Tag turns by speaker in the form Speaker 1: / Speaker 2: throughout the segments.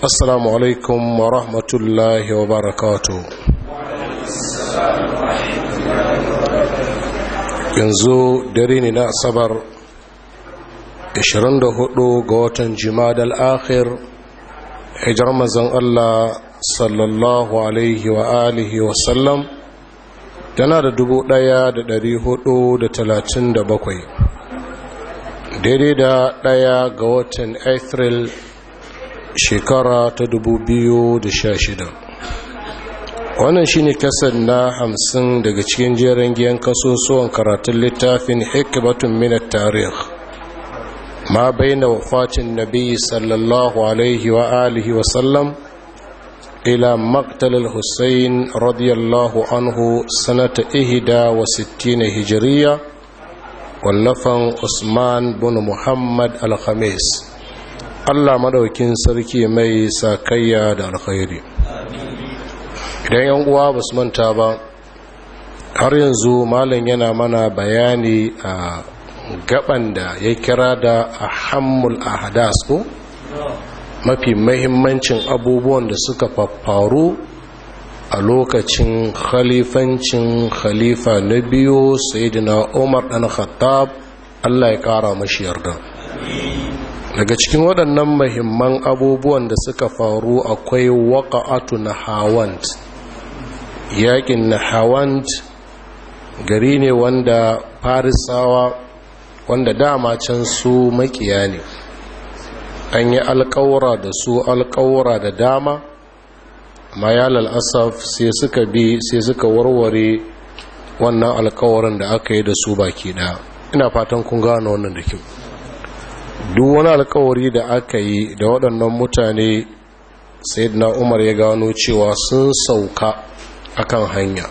Speaker 1: assalamu alaikum wa rahmatullahi wa barakatu yanzu dare ne na asabar 24 ga watan jima'ad al-akhir hijar mazan Allah sallallahu alaihi wa alihi wa sallam tana da da talatin bakwai, daidai da ɗaya ga watan april shekara ta 2016 wannan shine kasar na hamsin daga cikin jerin giyan kasusuwan karatun littafin hikmatun minat tarih ma baina wafatin nabi sallallahu alaihi wa alihi wa sallam ila maqtal al-husayn radiyallahu anhu sanata ihda wa sittina hijriya wallafan usman bin muhammad al-khamis Allah madaukin sarki mai sakayya da alkhairi idan yan uwa ba su manta ba har yanzu malam yana mana bayani a gaban da ya kira da ahammul ahdas ko mafi mahimmancin abubuwan da suka faru a lokacin khalifancin khalifa na biyu sayyidina umar dan khattab Allah ya kara mashi yarda daga cikin waɗannan mahimman abubuwan da suka faru akwai waƙa'atu na hawant yaƙin na hawant gari ne wanda farisawa wanda dama can su makiya ne an yi alƙawura da su alƙawura da dama ya lal'asaf sai suka bi sai suka warware wannan alkawarin da aka yi da su baki ɗaya ina fatan kun gano wannan da kyau duk wani alkawari da aka yi da waɗannan mutane sai na umar ya gano cewa sun sauka akan hanya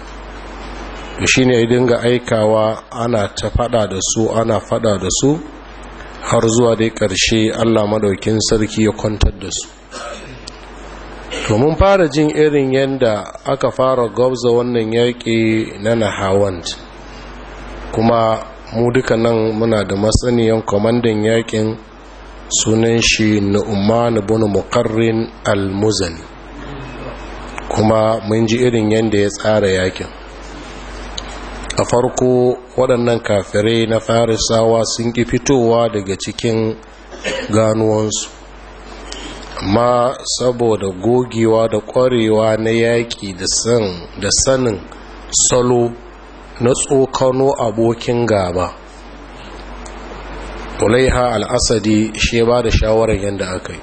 Speaker 1: to ne ya dinga aikawa ana ta fada da su ana fada da su har zuwa dai ƙarshe allah maɗaukin sarki ya kwantar da su to mun fara jin irin yadda aka fara gwabza wannan yaƙi na nahawant kuma mu duka nan muna da matsaniyan kwamandan yakin sunan shi nu'man bin mukarrin al-muzani kuma mun ji irin yadda ya tsara yakin a farko waɗannan kafirai na farisawa sun ƙi fitowa daga cikin ganuwansu amma saboda gogewa da ƙwarewa na yaƙi da sanin salo na tsokano abokin gaba ulaiha al'asadi shi ba da shawarar yadda aka yi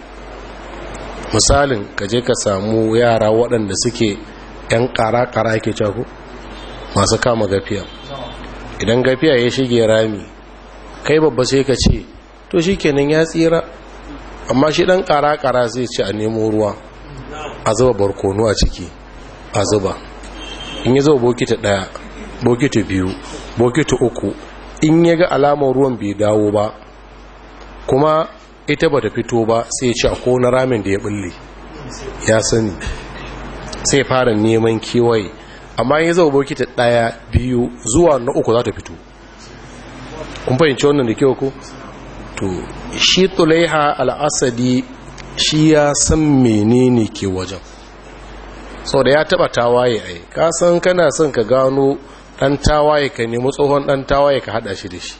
Speaker 1: misalin ka je ka samu yara waɗanda suke 'yan ƙara-ƙara ke cako masu kama gafiya idan gafiya ya shige rami kai babba sai ka ce to shi kenan ya tsira amma shi ɗan ƙara-ƙara zai ce a nemo ruwa a zuba barkono a ciki a zuba in yi zuba bokita ɗaya bokiti biyu bokiti uku in ya ga alamar ruwan bai dawo ba kuma ita ba ta fito ba sai ce a kona ramin da ya bulle ya sani sai fara neman kewaye amma ya zama bokiti ɗaya biyu zuwa na uku za ta fito kun fahimci wannan da kyau ko to shi tulaiha al'asadi shi ya san menene ke wajen sau da ya taba tawaye ai kasan kana son ka gano ɗan tawaye ka nemi tsohon ɗan tawaye ka haɗa shi da shi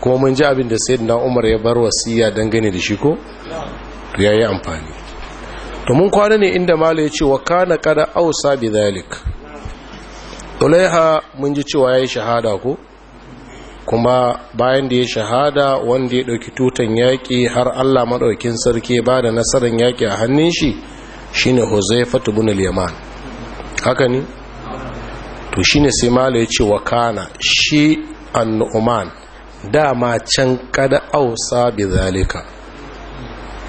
Speaker 1: kuma mun ji abin da sayyidina umar ya bar wasiya dangane da shi ko ya yi amfani mun kwana ne inda mala ya ce wa kana kada ausa bi zalik ulaiha mun ji cewa ya yi shahada ko kuma bayan da ya shahada wanda ya ɗauki tutan yaki har allah maɗaukin sarki ba da nasarar yaki a hannun shi shine huzaifatu bin al-yaman haka ne to shine sai mala ya ce wa kana shi annu'uman dama can kada ausa bi zalika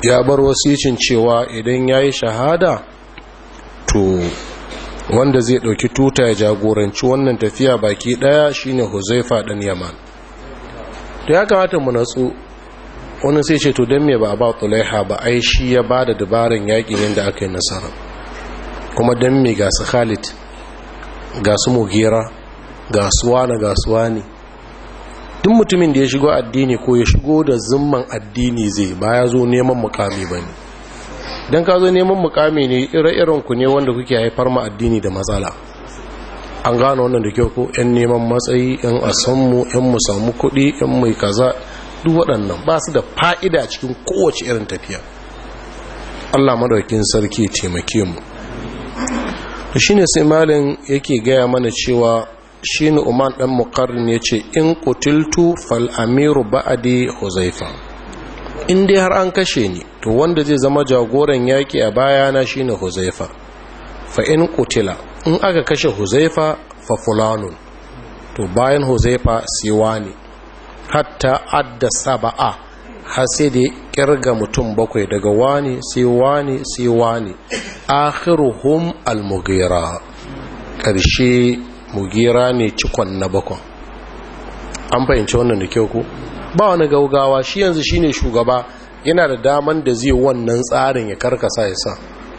Speaker 1: ya bar wasicin cewa idan ya yi shahada to wanda zai ɗauki tuta ya jagoranci wannan tafiya baki ɗaya shine huzaifa dan yaman to ya kamata mu natsu wani sai ce to don me ba ba tulaiha ba ai shi ya ba da dabarin yaƙin da aka yi nasara kuma don me gasa khalid ga su mugera ga na ga ne duk mutumin da ya shigo addini ko ya shigo da zimman addini zai ba ya zo neman mukami ba ne don ka zo neman mukami ne ire-iren ku ne wanda kuke haifar ma addini da matsala an gano wannan da kyau ko 'yan neman matsayi 'yan asammu 'yan mu samu kuɗi 'yan mai kaza duk waɗannan ba su da fa'ida cikin kowace irin tafiya Allah madaukin sarki taimake mu to shine sai malin yake gaya mana cewa shine Uman dan Muqarrin yace in qutiltu fal amiru ba'di Huzaifa in dai har an kashe ni to wanda zai zama jagoran yaki a baya bayana shine Huzaifa fa in qutila in aka kashe Huzaifa fa fulanun to bayan Huzaifa sai wani hatta adda saba'a har sai da kirga mutum bakwai daga wani sai wani sai wani akhiruhum al-mughira karshe mugira ne cikon na bakon an fahimci wannan da kyau ko ba wani gaugawa shi yanzu shine shugaba yana da daman da zai wannan tsarin ya karkasa ya sa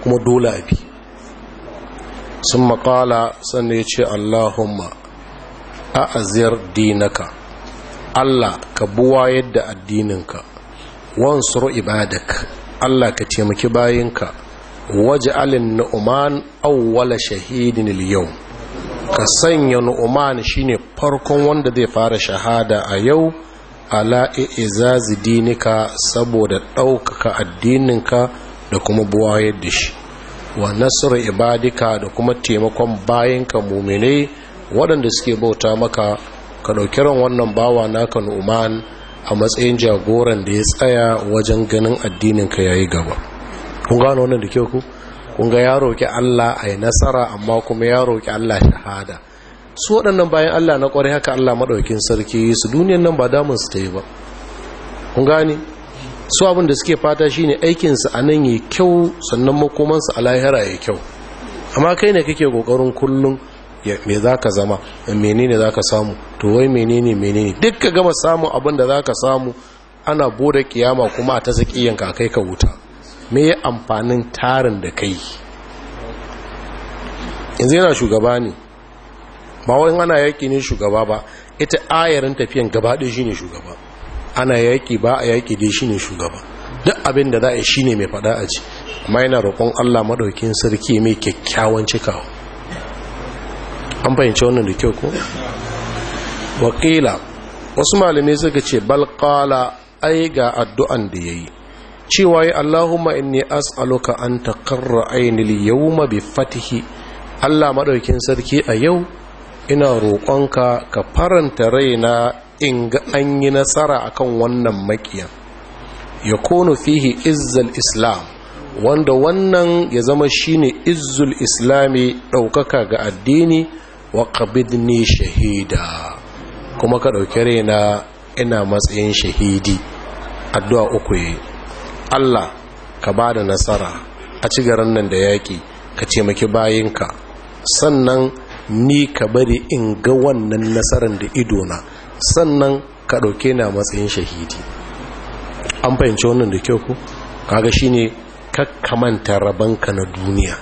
Speaker 1: kuma dole a bi sun makala sannan ya ce allahumma a azir dinaka allah ka buwa yadda addininka wansuru ibadak Allah ka taimaki bayinka waje alin nu'uman awwala shahidin yau ka sanya nu'uman shine farkon wanda zai fara shahada a yau ala izazi dinika saboda ɗaukaka addininka da kuma buwayar da shi wa nasiru ibadika da kuma taimakon bayan ka muminai waɗanda suke bauta maka ka ɗauki ran wannan bawa naka nu'uman a matsayin jagoran da ya tsaya wajen ganin addininka yayi gaba kun gano wannan da ke ku kun ga ya roki Allah ai nasara amma kuma ya roki Allah shahada su waɗannan bayan Allah na ƙwarai haka Allah maɗaukin sarki su duniyan nan ba damun su ta yi ba kun gane su abin da suke fata shine aikinsu a nan yayi kyau sannan makomansu a lahira ya kyau amma kai ne kake ƙoƙarin kullum me za ka zama menene za ka samu to wai menene menene duk ka gama samun abin da za ka samu ana bude kiyama kuma a ta yanka kai ka wuta me yi amfanin tarin da kai yanzu yana shugaba ne ba wani ana yaƙi ne shugaba ba ita ayarin tafiyan gaba ɗin shi ne shugaba ana yaƙi ba a yaƙi dai shi ne shugaba duk abin da za a shi ne mai faɗa a ci amma yana roƙon allah maɗaukin sarki mai kyakkyawan cikawa an fahimci wannan da kyau ko wakila wasu malamai suka ce balƙala ai ga addu'an da ya yi cewa yi allahumma inni as'aluka an taƙarra yau ma bi fatihi allah maɗaukin sarki a yau ina roƙonka ka faranta raina in ga an yi nasara akan wannan makiyan ya kono fihi izzal islam wanda wannan ya zama shine izzul islami ɗaukaka ga addini wa qabidni shahida kuma ka ɗauki raina ina matsayin shahidi addu'a uku yi Allah ka bada nasara a ci garan nan da yaki ka taimaki bayinka sannan ni ka bari in ga wannan nasaran da idona sannan ka ɗauki na matsayin shahidi an fahimci wannan da kyau ku kaga shine kakkamanta rabanka na duniya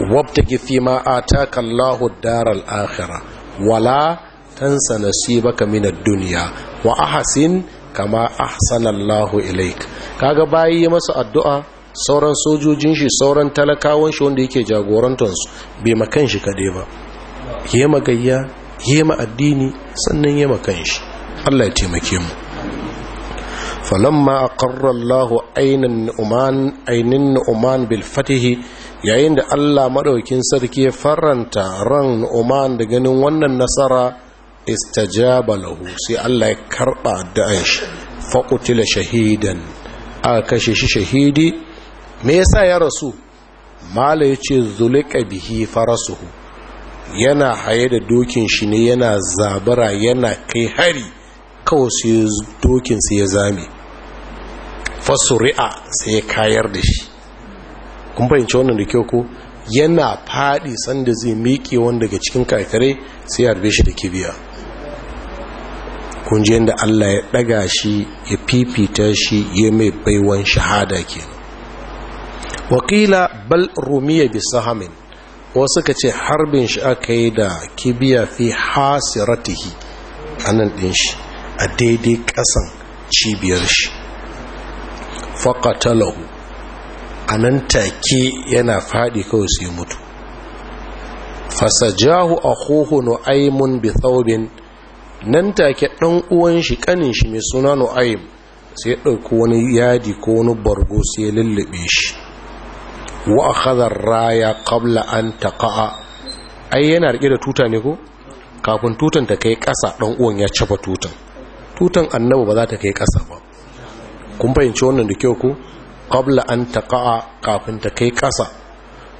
Speaker 1: wabtagi fi ma ataka Allahu daral akhirah wala tansa nasibaka min ad-dunya wa ahsin kama ahsana Allahu ilaik kaga bayi masa addu'a sauran sojojin shi sauran talakawan shi wanda yake jagorantar su bai makan shi kade ba yema gayya yema addini sannan yema kan shi Allah ya taimake mu falamma aqarra Allahu aynan uman uman bil fatihi yayin da Allah maɗaukin sarki ya faranta ran Oman da ganin wannan nasara istajaba lahu sai Allah ya karɓa da'an shi faƙutila shahidan A kashe shi shahidi me yasa ya rasu mala yace, ce zulika bihi farasuhu yana haye da dokin shi ne yana zabara yana kai hari kawai sai dokin sai ya zame fasuri'a sai ya kayar da shi kun fahimci wannan da kyau ko yana faɗi sanda zai miƙe wanda daga cikin kakare sai ya harbe shi da kibiya kun ji yadda Allah ya ɗaga shi ya fifita shi ya mai baiwan shahada ke wakila bal rumiya bisa hamin wasu ka ce harbin shi aka yi da kibiya fi hasiratihi a nan ɗin shi a daidai ƙasan cibiyar shi faƙatalahu a nan take yana faɗi kawai sai mutu fasajahu akhuhu nu'aymun bi thawbin nan take dan uwan shi kanin shi mai suna nu'aym sai ya dauki wani yadi ko wani bargo sai ya lullube shi wa akhadha raya qabla an taqa'a ai yana rike da tuta ne ko kafin tutan ta kai kasa dan uwan ya caba tutan tutan annabi ba za ta kai ƙasa ba kun fahimci wannan da kyau ko qabla an taqa'a kafin ta kai ƙasa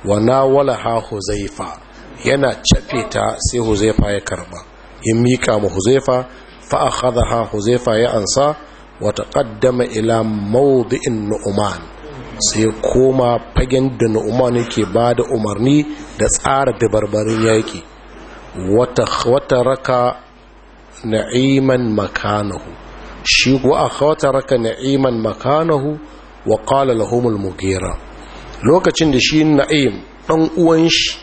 Speaker 1: wa nawalaha huzaifa yana cafe ta sai huzaifa ya karɓa, in mika ma huzaifa fa akhadha huzaifa ya ansa wa taqaddama ila mawdi'in nu'man sai koma fagen da nu'man yake da umarni da tsara dabarbarin yaki wata wata raka na'iman makanahu shi ko akhawata raka na'iman makanahu wa qala lahumul Mugera lokacin da shi na'im ɗan uwan shi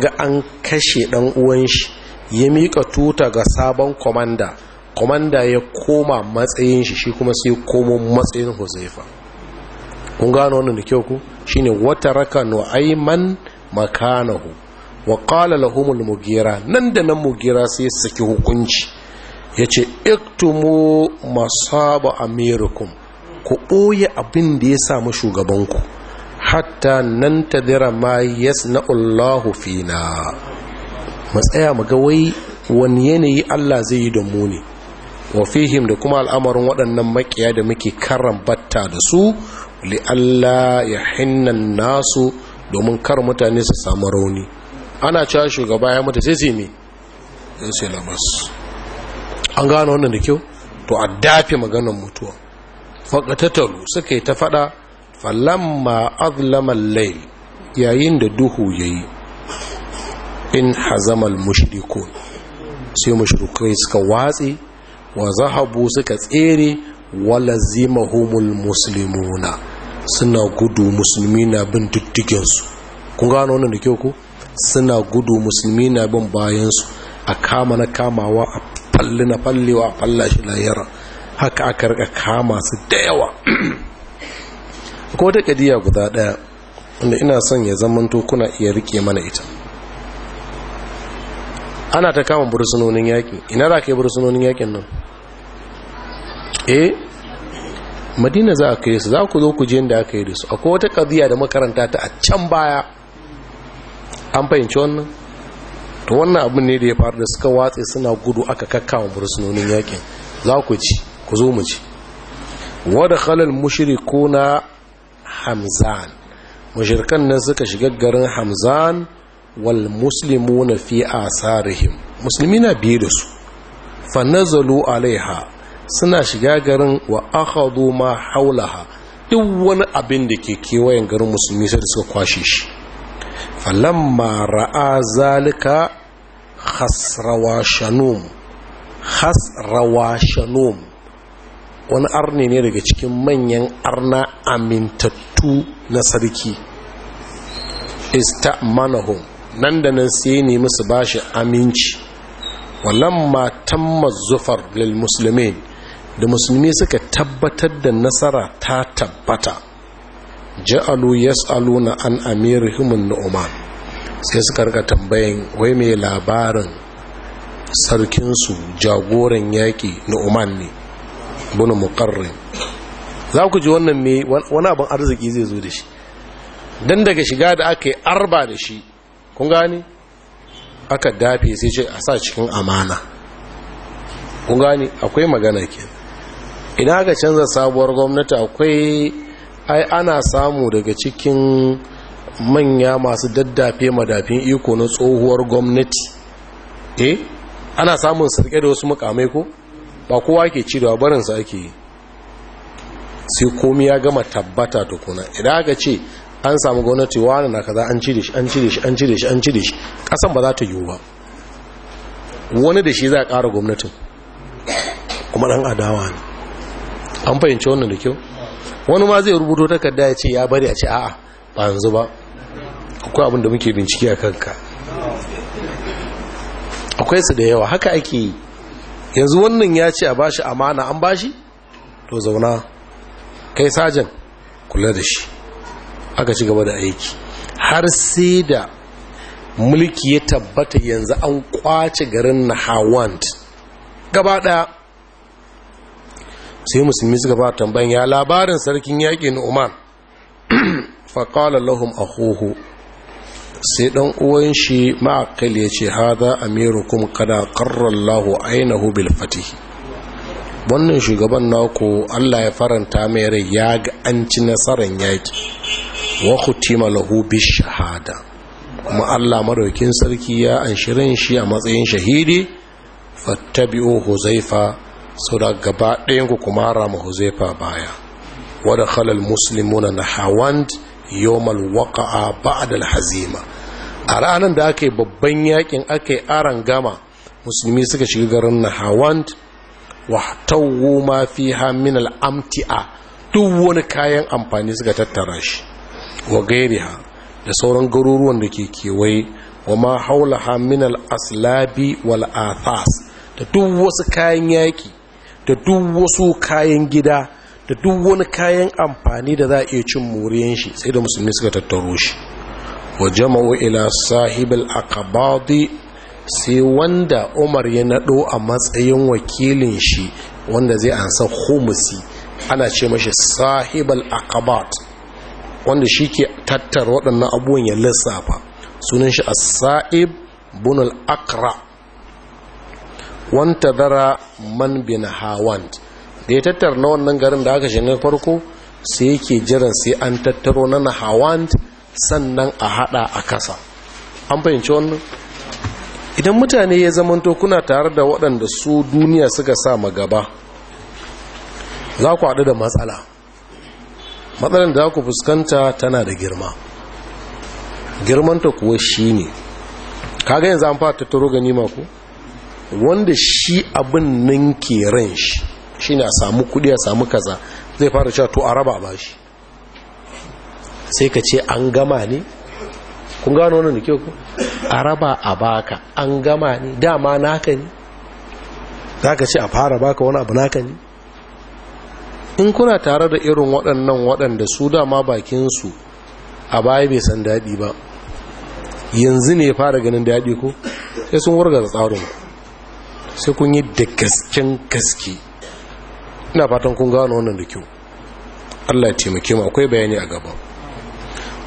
Speaker 1: ga an kashe ɗan uwan shi ya mika tuta ga sabon komanda komanda ya koma matsayin shi shi kuma sai komo matsayin huzaifa kun gano wannan da kyau ku shi ne wata raka nu'aiman makanahu wa qala lahumul al nan da nan mugira sai saki hukunci yace iktumu masaba amerikum ku ɓoye abin da ya samu shugabanku hatta nan ta dira ma Allahu fina mu tsaya mu ga wai wani yanayi Allah zai yi don mu ne wa fihim da kuma al'amarin waɗannan makiya da muke karan batta da su li Allah ya hinnan nasu domin kar mutane su samu rauni ana cewa shugaba ya mutu sai sai me sai labas an gano wannan da kyau to a dafe maganar mutuwa Fakatatar suka yi ta faɗa falamma azlamal lail yayin da duhu ya yi in hazamal mushrikun sai mushrikai suka watsi wa zahabu suka tsere wala zimahumul muslimuna suna gudu musulmi na bin kun gano wannan da kyau ko suna gudu musulmi na bin bayansu a kama na kamawa a falli na fallewa a falla shi layara haka aka rika kama su da yawa ko wata kadiya guda daya wanda ina son ya zama kuna iya rike mana ita ana ta kama bursunonin yaƙi ina za ka yi bursunonin yaƙin nan eh madina za a kai su za ku zo ku je da aka yi da su akwai wata kadiya da makaranta ta a can baya an fahimci wannan to wannan abin ne da ya faru da suka watse suna gudu aka kakkawa bursunonin yakin za ku ci ku zo mu ci wadda khalal mushiriku na hamzan mushirkan nan suka shiga garin hamzan wal muslimu na fi asarihim musulmi na biye da su fanazalu alaiha suna shiga garin wa akhadhu ma haulaha duk wani abin da ke kewayen garin musulmi sai suka kwashe shi falamma ra'a zalika khasrawa shanum khasrawa shanum wani arne ne daga cikin manyan arna amintattu na sarki istamanahum nan da nan sai ne musu bashi aminci ma tamma zufar lil muslimin da musulmi suka tabbatar da nasara ta tabbata ja'alu yas'aluna an amirihim nu'man sai suka rika tambayin wai mai labarin sarkinsu jagoran yaƙi nu'man ne bin muqarrin za ku ji wannan me wani abin arziki zai zo da shi dan daga shiga da aka yi arba da shi kun gani aka dafe sai ce a sa cikin amana kun gani akwai magana ke Ina aka canza sabuwar gwamnati akwai ai ana samu daga cikin manya masu daddafe madafin iko na tsohuwar gwamnati eh ana samun sarke da wasu mukamai ko ba kowa ke ci cirewa barinsa ake yi sai komi ya gama tabbata tukuna idan aka ce an samu gwamnati wani na kaza an cire shi an cire shi an cire shi an cire shi kasan ba za ta yiwu ba wani da shi za a ƙara gwamnatin kuma ɗan adawa ne an fahimci wannan da kyau wani ma zai rubuto takarda ya ce ya bari a ce a'a ba yanzu ba akwai abin da muke bincike a kanka akwai su da yawa haka ake yi yanzu wannan ya ce a bashi amana an bashi to zauna kai sajan kula da shi aka ci gaba da aiki har sai da mulki ya tabbata yanzu an kwace garin na hawant gaba daya sai musulmi suka ba tambayin ya labarin sarkin yaƙi na umar faƙalar lahum a sai dan uwan shi ma'akal ya ce haza amirukum kada qarrallahu aynahu bil fatih wannan shugaban naku Allah ya faranta mai rai ya ga an ci nasarar yaki wa khutima lahu bish shahada kuma Allah madaukin sarki ya anshirin shi a matsayin shahidi fattabi'u huzaifa da gaba ɗayan ku kuma rama huzaifa baya wa dakhala al muslimuna nahawand yawmal waqa'a ba'da hazima a ranar da aka yi babban yakin aka yi aran gama musulmi suka shiga garin nahawand wahtawu ma fiha min al-amti'a duk wani kayan amfani suka tattara shi wa gairiha da sauran garuruwan da ke kewaye wa ma haulaha min al-aslabi wal athas da duk wasu kayan yaki da duk wasu kayan gida da duk wani kayan amfani da za a iya cin muriyan shi sai da musulmi suka tattaro shi wa jama'u ila sahibul aqabadi sai wanda Umar ya nado a matsayin wakilin shi wanda zai ansa humusi ana ce mashi sahibul aqabat wanda shi ke tattara waɗannan abubuwan ya lissafa sunan shi as-sa'ib bunul aqra wanta dara man bin hawant da ya tattar na wannan garin da aka shiga farko sai yake jiran sai an tattaro na hawan sannan a hada a kasa an fahimci wannan idan mutane ya zamanto kuna tare da waɗanda su duniya suka sa magaba za ku haɗu da matsala matsalar da za ku fuskanta tana da girma girmanta kuwa shi ne kaga yanzu an fata tattaro ganima ku wanda shi abin nan ke ran shi shi ne a samu kudi a samu kaza zai fara cewa to a raba ba shi sai ka ce an gama ne kun gano wani da kyau ku a raba a baka an gama ne dama naka ne za ka ce a fara baka wani abu naka ne in kuna tare da irin waɗannan waɗanda su dama bakinsu a baya bai san daɗi ba yanzu ne fara ganin daɗi ko sai sun wurga da tsarin sai kun yi da gasken gaske ina fatan kun gano wannan da kyau Allah ya taimake mu akwai bayani a gaba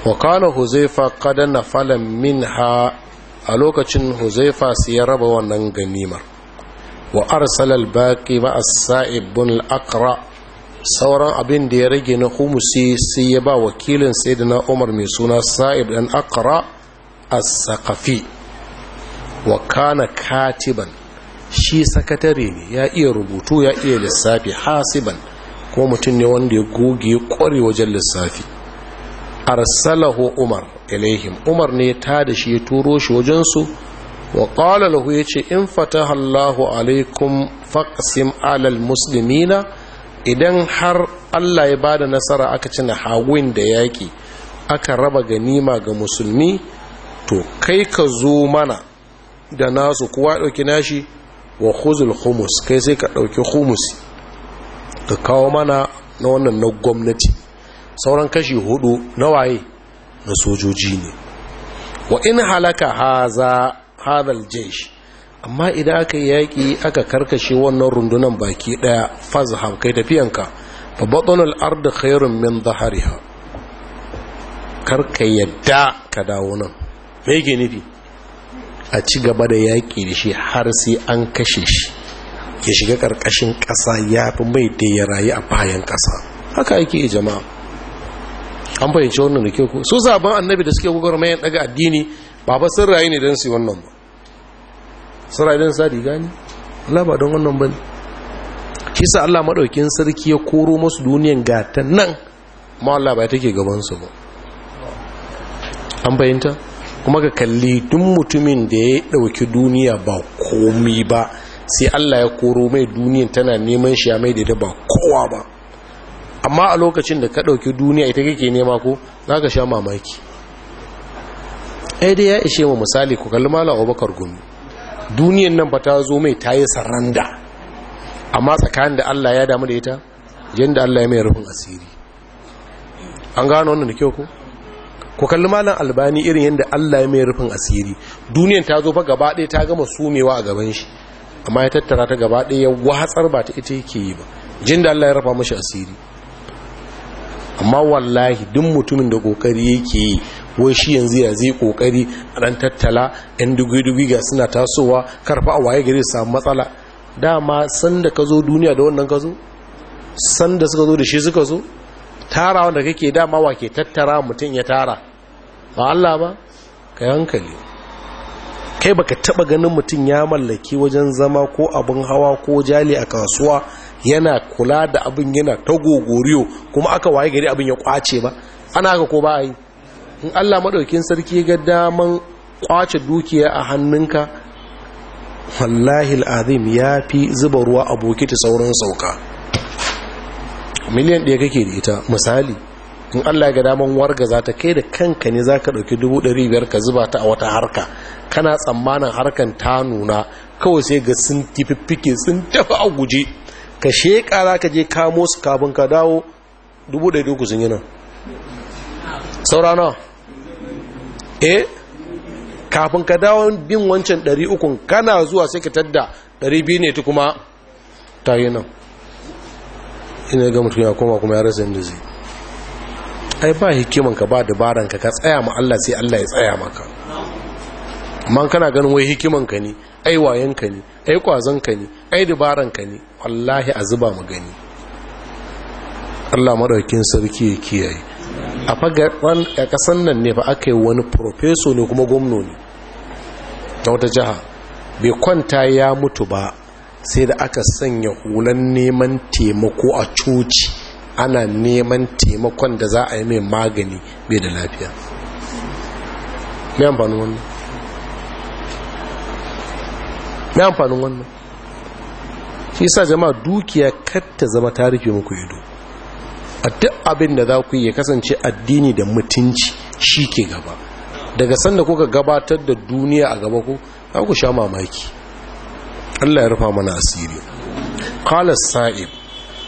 Speaker 1: wa kana huzaifa qad falan minha a lokacin huzaifa sai ya raba wannan ganimar wa arsala al-baqi ma as-sa'ib bun al-aqra sauran abin da ya rage na humusi sai ya ba wakilin sayyidina Umar mai suna Sa'ib dan Aqra as-Saqafi wa kana katiban shi sakatare ne ya iya rubutu ya iya lissafi hasiban ko mutum ne wanda ya goge kware wajen lissafi arsalahu umar ilaihim umar ne ta da shi ya turo shi wajensu wa qala lahu yace in fataha Allahu alaikum faqsim alal Musulmina. idan har Allah ya bada nasara aka cina hawin da yaki aka raba ganima ga musulmi to kai ka zo mana da nasu kuwa dauki nashi wa khuzul humus kai sai ka ɗauki humus ka kawo mana na wannan na gwamnati sauran kashi hudu na waye na sojoji ne wa in halaka haza hadal jaish amma idan aka yi yaƙi aka karkashe wannan rundunan baki ɗaya fazhab kai tafiyanka fa batonul ard khairun min dhahriha karka yadda ka dawo nan me yake nufi a ci gaba da yaƙi da shi har sai an kashe shi ya shiga ƙarƙashin ƙasa ya fi mai da ya rayu a bayan ƙasa haka yake jama'a an fahimci wannan da ke ku. su sabon annabi da suke gugar mayan daga addini ba ba sun rayu ne don su wannan ba sun rayu don sadi gani Allah ba don wannan ba ne shi sa Allah maɗaukin sarki ya koro masu duniyan gata nan ma Allah ba take gabansu ba an fahimta kuma ka kalli duk mutumin da ya ɗauki duniya ba komi ba sai Allah ya koro mai duniyan tana neman shi ya mai da ba kowa ba amma a lokacin da ka ɗauki duniya ita kake nema ko za ka sha mamaki dai ya ishe wa misali ku kalli malam abubakar gumi duniyan nan ba ta zo mai ta yi saranda amma tsakanin da Allah ya damu da ita yadda Allah ya mai rufin asiri an gano wannan da kyau ko ku kalli malam albani irin yadda Allah ya mai rufin asiri duniyan ta zo fa gaba ɗaya ta gama sumewa a gaban shi amma ya tattara ta gaba ɗaya watsar ba ta ita yake yi ba jin da Allah ya rafa mashi asiri amma wallahi duk mutumin da kokari yake yi wai shi yanzu ya zai kokari a dan tattala yan dubi-dubi ga suna tasowa karfa a waye gari samu matsala dama sanda ka zo duniya da wannan ka zo sanda suka zo da shi suka zo tara wanda kake dama wa ke tattara mutum ya tara ba Allah ba ka hankali kai baka taba ganin mutum ya mallaki wajen zama ko abin hawa ko jali a kasuwa yana kula da abin yana ta gogoriyo kuma aka waye gari abin ya kwace ba ana ga ko ba yi in Allah madaukin sarki ga daman kwace dukiya a hannunka wallahi alazim yafi zuba ruwa a bokiti sauran sauka miliyan ɗaya kake da ita misali in Allah ya ga daman warga za ta kai da kanka ne za ka ɗauki biyar ka zuba ta a wata harka kana tsammanin harkan ta nuna kawai sai ga sun tififfike sun tafi a guje ka sheƙa za ka je kamo su kafin ka dawo uku sun yi nan saura nawa eh kafin ka dawo bin wancan ukun kana zuwa sai ka tadda biyu ne ta kuma ta yi nan ina ga mutum ya koma kuma ya rasa yadda zai ai ba hikiman ka ba dabaran ka tsaya ma Allah sai Allah ya tsaya maka man kana ganin wai hikiman ka ne ai wayan ka ne ai kwazon ka ne ai dabaran ka ne wallahi a zuba mu gani Allah madaukin sarki ya kiyaye a fagaran a kasan nan ne fa aka wani professor ne kuma gwamno ne ta wata jaha bai kwanta ya mutu ba sai da aka sanya hulan neman taimako a coci ana neman taimakon da za a yi mai magani bai da lafiya mai amfanin wannan shi sa jama'a dukiya katta zama tarihi muku ido a duk abin da za ku yi ya kasance addini da mutunci shi ke gaba daga sanda kuka gabatar da duniya a gaba ku za ku sha mamaki Allah ya rufa mana asiri qala sa'ib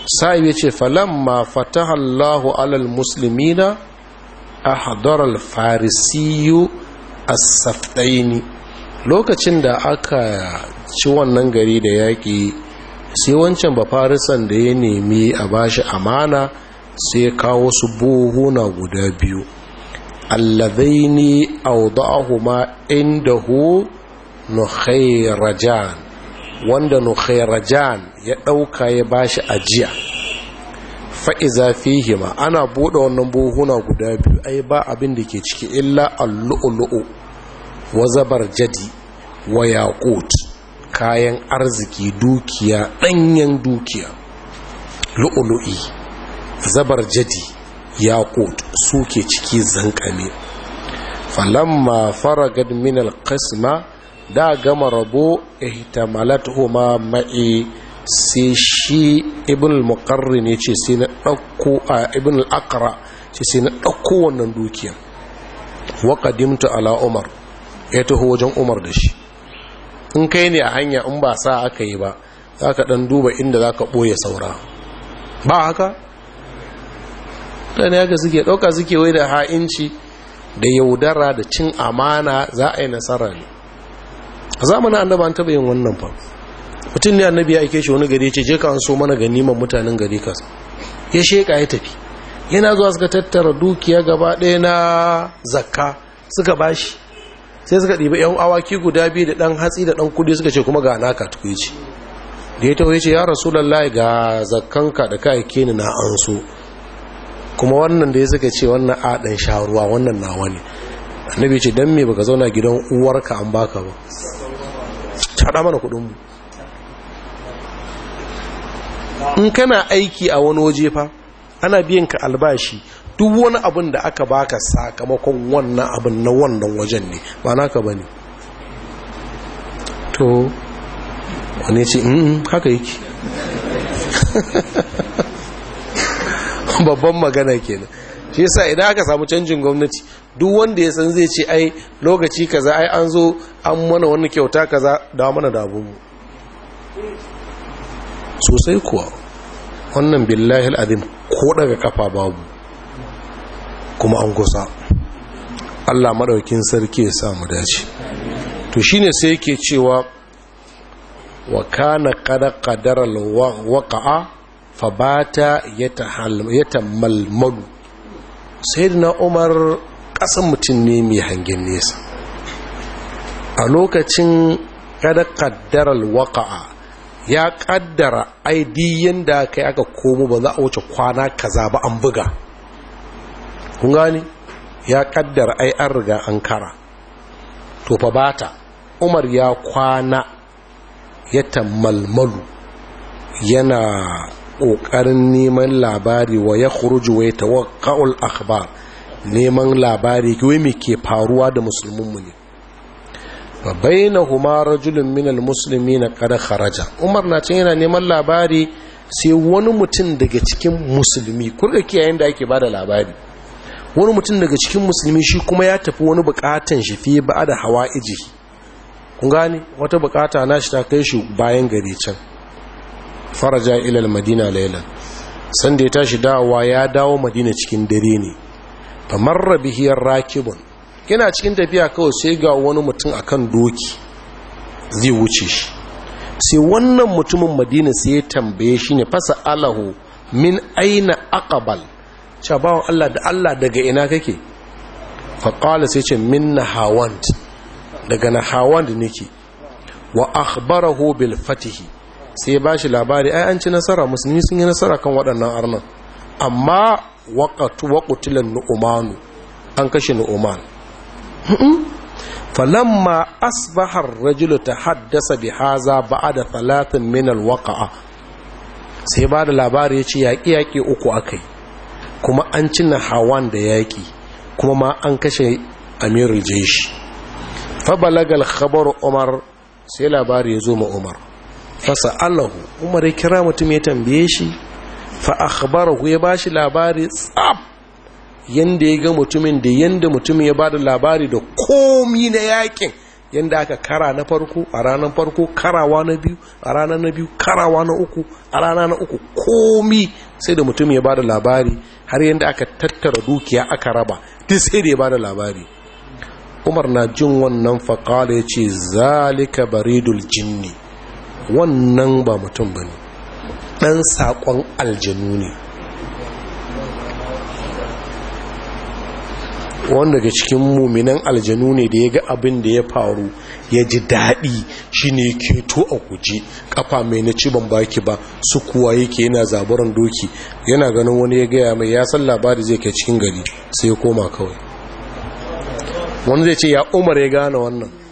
Speaker 1: sa'ib yace falamma fatahallahu Allahu alal musulmina, ahdara al farisiyu a saftaini lokacin da aka ci wannan gari da yaƙi sai wancan ba Farisan da ya nemi a bashi amana sai kawo su buhuna guda biyu allazaini audahuma indahu nuhairajan wanda nukhairajan ya ɗauka ya bashi ajiya fa'iza ma ana buɗe wannan buhuna guda biyu ai ba abin da ke ciki illa al-lu'lu'u wa zabar jadi wa yaqut kayan arziki dukiya ɗanyen dukiya lu'lu'i zabar jadi yaƙut suke ciki zankane falamma faragad min al-qisma da gama rabo ihtimalat huma ma'i sai shi ibn al-muqarrin ne ce sai na ɗauko a ibn al-aqra ce sai na ɗauko wannan dukiyar wa qadimtu ala umar ya taho wajen umar da shi in kai ne a hanya in ba sa aka yi ba za ka ɗan duba inda zaka ka ɓoye saura ba haka dan haka suke ɗauka suke wai da ha'inci da yaudara da cin amana za a yi nasara ne a zamanin annaba an taba yin wannan fa mutum ne annabi ya aike shi wani gari ya ce je ka an mana mana ma mutanen gari ka ya sheka ya tafi yana zuwa suka tattara dukiya gaba ɗaya na zakka suka bashi sai suka ɗiba 'yan awaki guda biyu da ɗan hatsi da ɗan kuɗi suka ce kuma ga naka ce. da ya tawaye ce ya rasulallah ga zakkanka da kayayyaki keni na an so kuma wannan da ya suka ce wannan aɗan sharuwa wannan na wani annabi ce don me baka zauna gidan uwarka an baka ba caɗa mana mu. in kana aiki a wani waje fa ana biyan ka albashi duk wani abin da aka baka sakamakon wannan abin na wannan wajen ne ba naka ba ne to wani ce haka yake babban magana kenan shi yasa idan aka samu canjin gwamnati duk wanda ya san zai ce ai lokaci kaza ai an zo an mana wani kyauta kaza da mana da abubu sosai kuwa wannan billahi al'adim ko daga kafa babu kuma an kusa Allah maɗaukin sarki ya samu dace to shine sai yake cewa wa kana kada qadara waka'a fa Sai yatamalmalu na Umar Kasan mutum ne mai hangen nesa a lokacin kada kaddarar waka'a ya kaddara aidi da kai aka komo ba za a wuce kwana kaza ba an buga kun gani ya kaddara ai an riga an kara to fa bata umar ya kwana ya tammalmalu yana ƙoƙarin neman labari wa ya kuruji wa ya tawakka'ul akhbar neman labari kiwai mai ke faruwa da mu ne na huma rajulun minal musulmi na kada kharaja umar na can yana neman labari sai wani mutum daga cikin musulmi kurda kiyayen da ake bada labari wani mutum daga cikin musulmi shi kuma ya tafi wani bukatan shi fiye ba da hawa iji kun gane wata bukata na shi ta kai shi bayan gari can faraja ilal madina lailan sanda ya tashi dawowa ya dawo madina cikin dare ne kamar bihiyar rakibun yana cikin tafiya kawai sai ga wani mutum akan doki zai wuce shi sai wannan mutumin madina sai ya tambaye shi ne fasa alahu min aina akabal cewa allah da allah daga ina kake faƙala sai ce min nahawand daga nahawand nake wa akhbarahu bil fatihi sai ba shi labari ai nasara musulmi sun yi nasara kan waɗannan arnan amma waƙutulan nu'umanu an kashe nu'uman falamma asbahar rajulu ta haddasa bi haza ba'a da talatin minal waƙa'a sai ba da labari ya ce yaƙi-yaƙi uku aka yi kuma an cinna hawan da yaƙi kuma ma an kashe amirul jeshi fa balagal khabar umar sai labari ya zo ma umar fasa allahu umar ya kira mutum ya tambaye shi fa akhbarahu ya shi labari tsab yadda ya ga mutumin da yadda mutumin ya ba da labari da komi na yakin yadda aka kara na farko a ranar farko karawa na biyu a ranar na biyu karawa na uku a rana na uku komi sai da mutumin ya ba da labari har yadda aka tattara dukiya aka raba duk sai da ya ba da labari umar na jin wannan faƙala ya ce zalika baridul jinni wannan ba mutum ba ne ɗan sakon aljanu ne wanda daga cikin muminan aljanu ne da ya ga abin da ya faru ya ji daɗi shi ne keto a guji ƙafa mai na ban baki ba su kuwa yake yana zaburan doki yana ganin wani ya gaya mai ya san labari zai kai cikin gari sai ya koma kawai wani zai ce ya umar ya gane wannan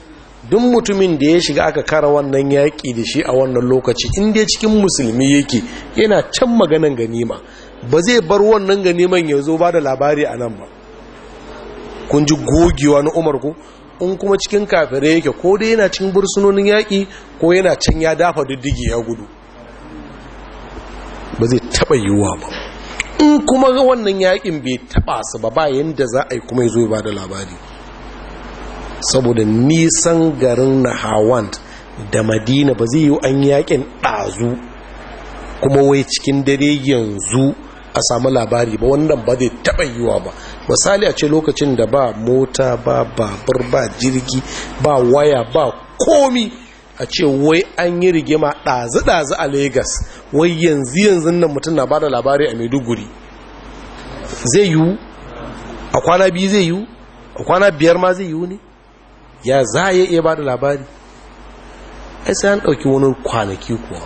Speaker 1: duk mutumin da ya shiga aka kara wannan yaƙi da shi a wannan lokaci in cikin musulmi yake yana can maganan ganima ba zai bar wannan ganiman ya zo ba da labari a nan ba kun ji gogewa na umar ku in kuma cikin kafirai yake ko dai yana cikin bursunonin yaƙi ko yana can ya dafa diddigi ya gudu ba zai taɓa yiwuwa ba in kuma wannan yaƙin bai taɓa su ba ba yadda za a yi kuma ya zo ba da labari saboda nisan garin nahawand da madina ba zai yi an yakin ɗazu kuma wai cikin dare yanzu a samu labari ba wannan ba zai taɓa yiwa ba misali a ce lokacin da ba mota ba babur ba jirgi ba waya ba komi a ce wai an yi rigima ɗazu-ɗazu a Legas, wai yanzu yanzu nan mutum na bada labari a maiduguri zai yiwu a kwana biyu zai yiwu a kwana biyar ma zai yiwu ne ya za a iya ba da labari ai sai an ɗauki wani kwanaki kuwa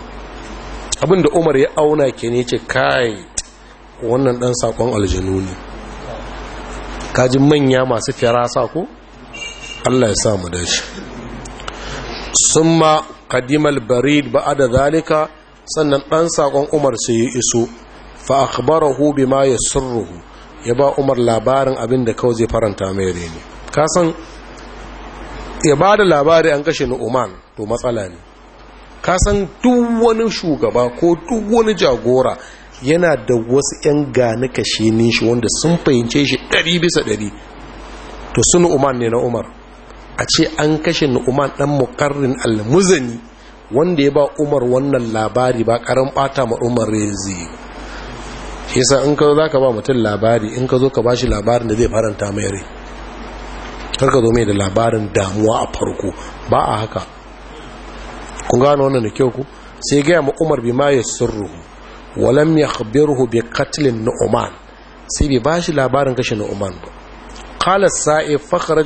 Speaker 1: abinda umar ya auna ke ne ce kai wannan ɗan saƙon aljanu ne kajin manya masu firasa ko allah ya sa mu shi sun ma kadimal barid ba da zalika sannan ɗan saƙon umar sai yi iso fa akhbarahu bima yasurruhu ya ba umar labarin abin da kawai zai faranta mai rene kasan ya ba da labari an kashe nu'uman to matsala ne ka san duk wani shugaba ko duk wani jagora yana da wasu 'yan gani kashe shi wanda sun fahimce shi ɗari bisa ɗari to su nu'uman ne na umar a ce an kashe nu'uman ɗan mukarrin almuzani wanda ya ba umar wannan labari ba karan bata ma umar rezi yasa in ka zo za ka ba mutum labari in ka zo ka ba shi labarin da zai faranta mai rai kar ka zo mai da labarin damuwa a farko ba a haka kun gano wannan da kyau ku sai gaya ma umar bi ma ya sirru walam ya khabirhu bi katlin nu'man sai bai bashi labarin kashe nu'man ba qala sa'i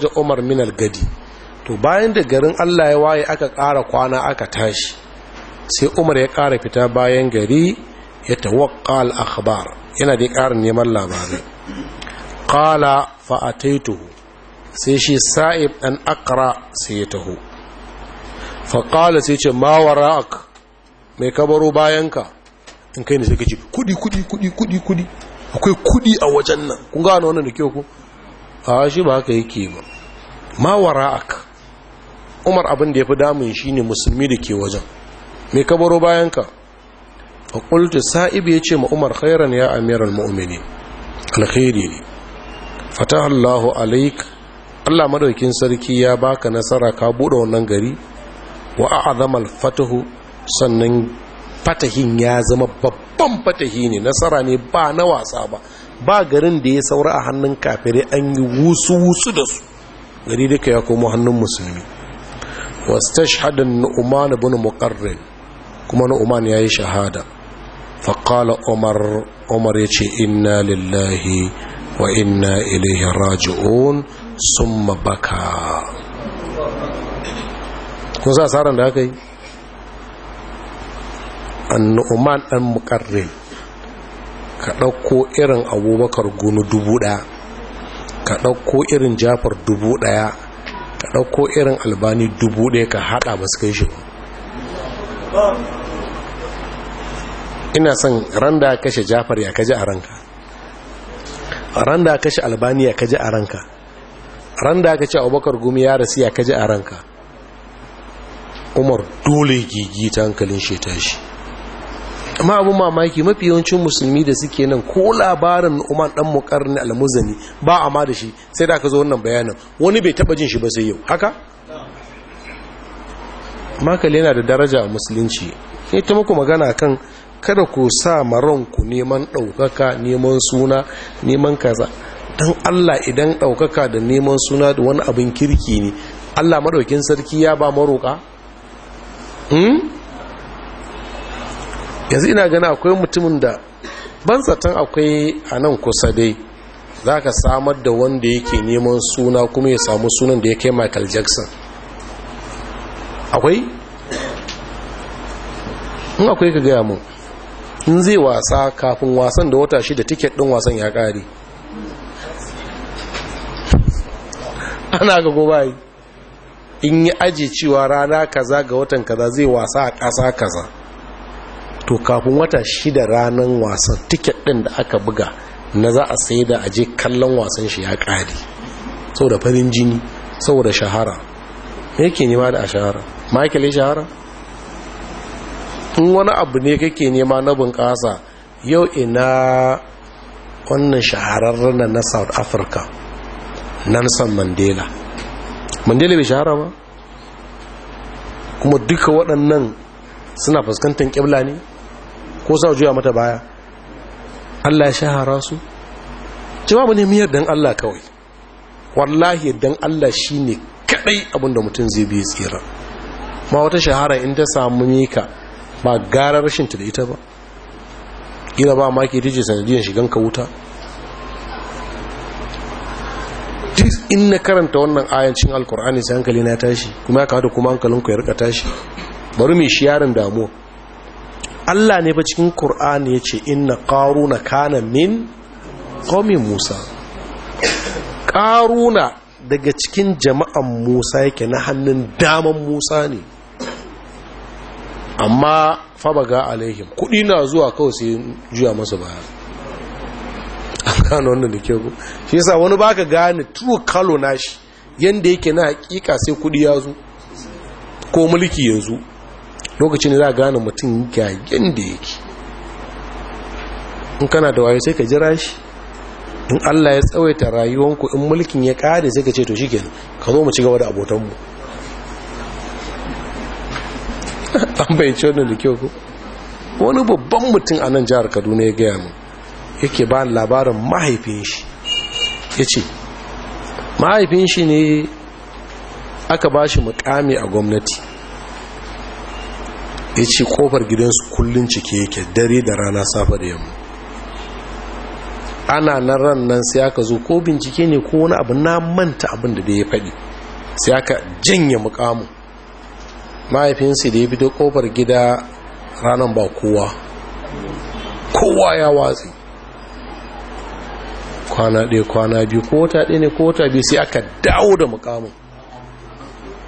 Speaker 1: da umar min gadi to bayan da garin Allah ya waye aka ƙara kwana aka tashi sai umar ya ƙara fita bayan gari ya tawakka al yana da ƙarin neman labarai qala fa ataituhu sai shi sa'ib ɗan akra sai ya taho faƙala sai ce mawara ak mai kabaro bayanka in kai ne sai gaji kudi kudi kudi kudi kudi akwai kudi a wajen nan kun gano wannan da kyau ku a shi ba haka yake ba mawara ak umar abin da ya fi damun shi ne musulmi da ke wajen mai kabaro bayanka faƙulta sa'ib ya ce ma umar khairan ya amiral ma'umini alkhairi ne fatahallahu alaik Allah madaukin sarki ya baka nasara ka bude wannan gari wa a'zamal fatahu sannan fatahin ya zama babban fatahi ne nasara ne ba na wasa ba ba garin da ya saura a hannun kafirai an yi wusu-wusu da su gari duka ya komo hannun musulmi wastashhadun nu'man ibn muqarrin kuma nu'man yayi shahada qala umar umar yace inna lillahi wa inna ilaihi raji'un sun mabaka kun sa asaran da aka yi annu'uman ɗan mukarrin ka ɗauko irin abubakar gunu dubu ɗaya ka ɗauko irin jafar dubu ɗaya ka ɗauko irin albani dubu ɗaya ka haɗa ba su kai shi ina son ran da kashe jafar ya kaji a ranka ran da kashe albani ya kaji a ranka ran da aka ce abubakar gumi ya rasu ya kaji a ranka umar dole gigi ta hankalin shi tashi amma abin mamaki mafi yawancin musulmi da suke nan ko labarin umar dan mukarni almuzani ba a ma da shi sai da aka zo wannan bayanin wani bai taba jin shi ba sai yau haka makali yana da daraja a musulunci ne ta muku magana kan kada ku sa ku neman ɗaukaka neman suna neman kaza dan Allah idan ɗaukaka da neman suna da wani abin kirki ne Allah maɗaukin sarki ya ba maroƙa? Hmm? yanzu ina gana akwai mutumin da ban zaton akwai a nan kusa dai za ka samar da wanda yake neman suna kuma ya samu sunan da ya kai michael jackson akwai? in akwai ka gaya mu in zai wasa kafin wasan da wata shi da tiket ɗin wasan ya ƙare ana ga goba yi in yi aji cewa rana kaza ga watan kaza zai wasa a ƙasa kaza to kafin wata shida ranar wasan tiket ɗin da aka buga na za a sai da aje kallon wasan shi ya ƙari saboda farin jini saboda shahara yake nema da a shahara michael ya shahara in wani abu ne kake nema na bunƙasa yau ina wannan shahararren na south africa nelson mandela mandela bai shahara ba kuma duka waɗannan suna fuskantar ƙibla ne ko sa juya mata baya allah ya shahara su jawabu ne miyar dan allah kawai wallahi dan allah shine kadai abinda mutum zai biya tsira ma wata shahara in ta samu mika ba gara rashinta da ita ba gina ba ma maki rije sanadiyar shigan ka wuta in na karanta wannan ayancin alkur'ani sai hankali na tashi kuma ya kawo da kuma ku ya rika tashi bari mai shi yaron damu Allah ne ba cikin Kur'ani ya ce inna qaruna kana min ƙomi Musa qaruna daga cikin jama'an Musa yake na hannun daman Musa ne amma fa fabaga alaihim kuɗi na zuwa kawai sai juya masa baya gane wannan da ke ku shi yasa wani baka gane true kalo nashi yanda yake na hakika sai kudi ya zo ko mulki yanzu lokacin za a gane mutum ga yanda yake in kana da wayo sai ka jira shi in Allah ya tsawaita rayuwanku in mulkin ya kare sai ka ce to shikenan ka zo mu ci gaba da abotanmu an bayyance wannan da kyau ku wani babban mutum a nan jihar kaduna ya gaya mu yake ba labarin mahaifin shi ya ce mahaifin shi ne aka ba shi mukami a gwamnati ya ce kofar gidansu kullum cike yake dare da rana safa da yamma ana nan ran nan sai aka zo ko bincike ne ko wani abu na manta abin da ya faɗi sai aka janye mukamu mahaifinsu da ya fito kofar gida ranar ba kowa kowa ya watsi kwana ɗaya kwana biyu ko wata ɗaya ne ko wata biyu sai aka dawo da mukamin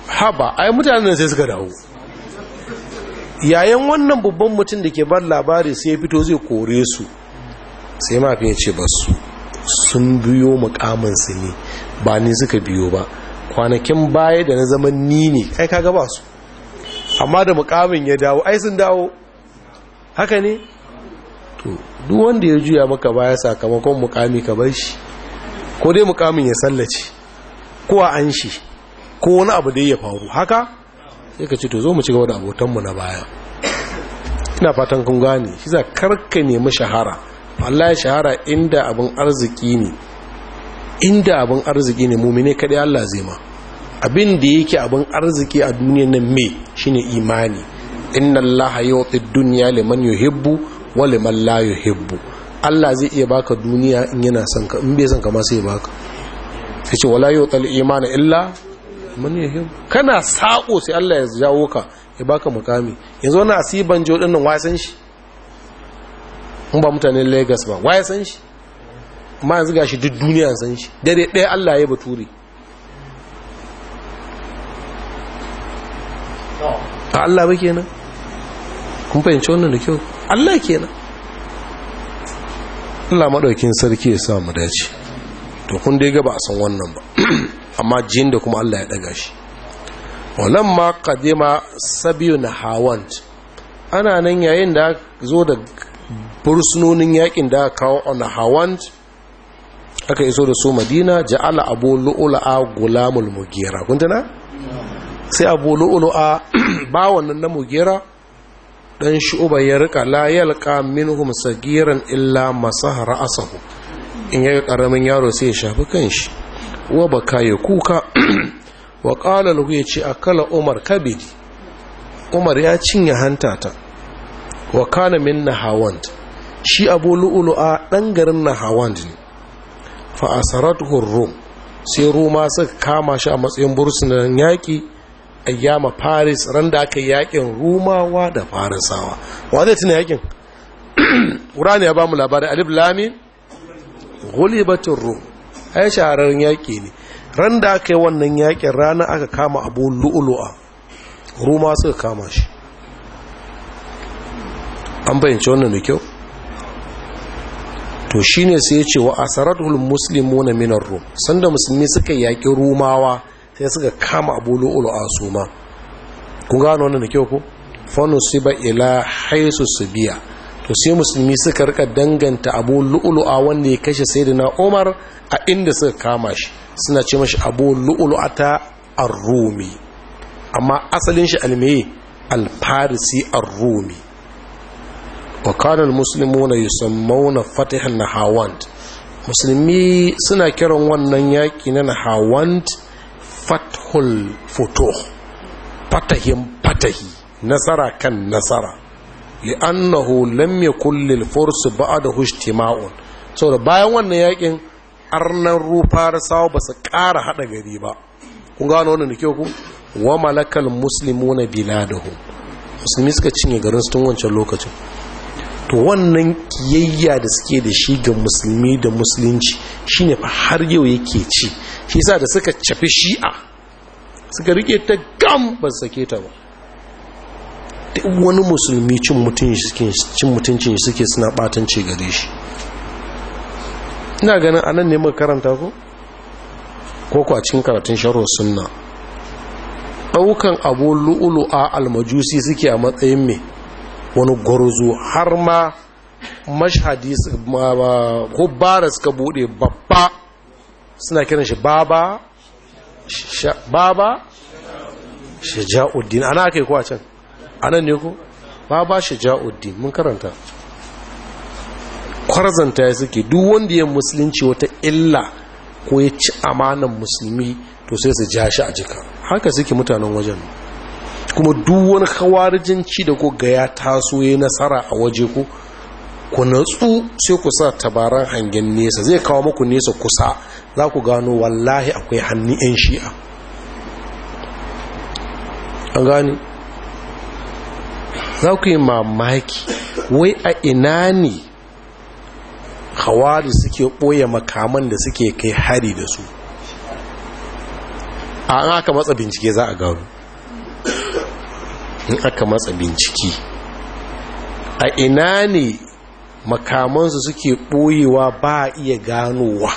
Speaker 1: haba ai mutanen sai suka dawo yayin wannan babban mutum da ke bar labari sai ya fito zai kore su sai mafi ya ce ba su sun biyo su ne ba ni suka biyo ba kwanakin baya da na zaman ni ne ai kaga ba su amma da mukamin ya dawo ai sun dawo haka ne duk wanda ya juya maka baya sakamakon mukami ka bar shi ko dai mukamin ya sallace ko a an shi ko wani abu da ya faru haka sai ka ce to zo mu ci gaba da abotanmu na baya ina fatan kun gane shi za karka nemi shahara Allah ya shahara inda abin arziki ne inda abin arziki ne mumine kadai Allah zai ma abin da yake abin arziki a duniyar nan me shine imani inna allaha yu'ti ad-dunya liman yuhibbu wali man la Allah zai iya baka duniya in yana son ka in bai son ka ma sai ya baka yace wala yutal imana illa man yuhibbu kana sako sai Allah ya jawo ka ya baka mukami yanzu wannan asiban jo din nan wai san shi in ba mutanen Lagos ba wai san shi amma yanzu gashi duk duniya san shi dare ɗaya Allah ya bature a Allah ba kenan kun fahimci wannan da kyau Allah nan Allah madaukin sarki ya sa mu dace to kun dai ga ba san wannan ba amma jin da kuma Allah ya ɗaga shi walamma qadima sabiyun hawant ana nan yayin da zo da bursunonin yakin da kawo on hawant aka iso da su madina ja'ala abu a gulamul mugera kun tana sai abu lu'ula'a ba wannan na mugera dan shu'uba ya rika la yalqa minhum sagiran illa masaha ra'sahu in yayi karamin yaro sai ya shafi kanshi wa baka ya kuka wa qala lahu yace akala umar kabidi umar ya cinye hantata wa kana min nahawand shi abu lu'lu'a dan garin nahawand ne fa asaratuhu rum sai ruma suka kama shi a matsayin bursunan yaki ayyama faris ran da aka yakin rumawa da farisawa wa zai tuna yakin ƙurani ya ba mu labarin alif lami gulibatin rum ai shahararren yaƙi ne ran da aka yi wannan yakin rana aka kama abu lu'ulu'a ruma suka kama shi an bayyance wannan da kyau to shine sai ya ce wa asaratul muslimuna minar rum sanda musulmi suka yaƙi rumawa sai suka kama abu lu'ulu a su ma kun gano wannan da kyau ko ba ila haisu su biya. to sai musulmi suka rika danganta abu a wanda ya kashe sai na Umar a inda suka kama shi suna ce mashi abu a ta Arrumi. amma asalin shi almeye alfarisi arumi wakanan musulmi wa yi al-muslimuna fatihan na hawant musulmi suna kiran wannan yaki na Hawant. fathul futuh fatahin fatahi nasara kan nasara li'annahu lam yakul lil furs ba'dahu ijtima'un saboda bayan wannan yakin arnan rufar sawo ba su ƙara haɗa gari ba kun gano wannan da ke ku wa malakal muslimuna biladahum musulmi suka cinye garin su tun wancan lokacin to wannan kiyayya da suke da shi ga musulmi da musulunci shine fa har yau yake ci shi sa da suka cafi shi'a suka rike ta gam ba su sake ta ba duk wani musulmi cin mutuncin suke suna batance gare shi ina ganin anan ne muka karanta ko ko ku a cikin karatun sharo sunna ɗaukan abu a almajusi suke a matsayin mai wani gwarzo har ma mashhadi bara suka bude babba suna kiran shi baba baba shaja'uddin ana aka yi kuwa can anan ne ku baba shaja'uddin mun karanta kwarzanta ya suke duk wanda ya musulunci wata illa ko ya ci amanan musulmi to sai su ja shi a jika haka suke mutanen wajen kuma duk wani kawarijinci da ko ga ya taso ya nasara a waje ko ku natsu sai ku sa tabaran hangen nesa zai kawo muku nesa kusa za ku gano wallahi akwai hannun 'yan shi'a an gani za ku yi mamaki wai a ina ne hawari suke ɓoye makaman da suke kai hari da su a an aka matsa bincike za a gano in aka matsa bincike a ina ne makamansu suke ɓoyewa ba a iya ganowa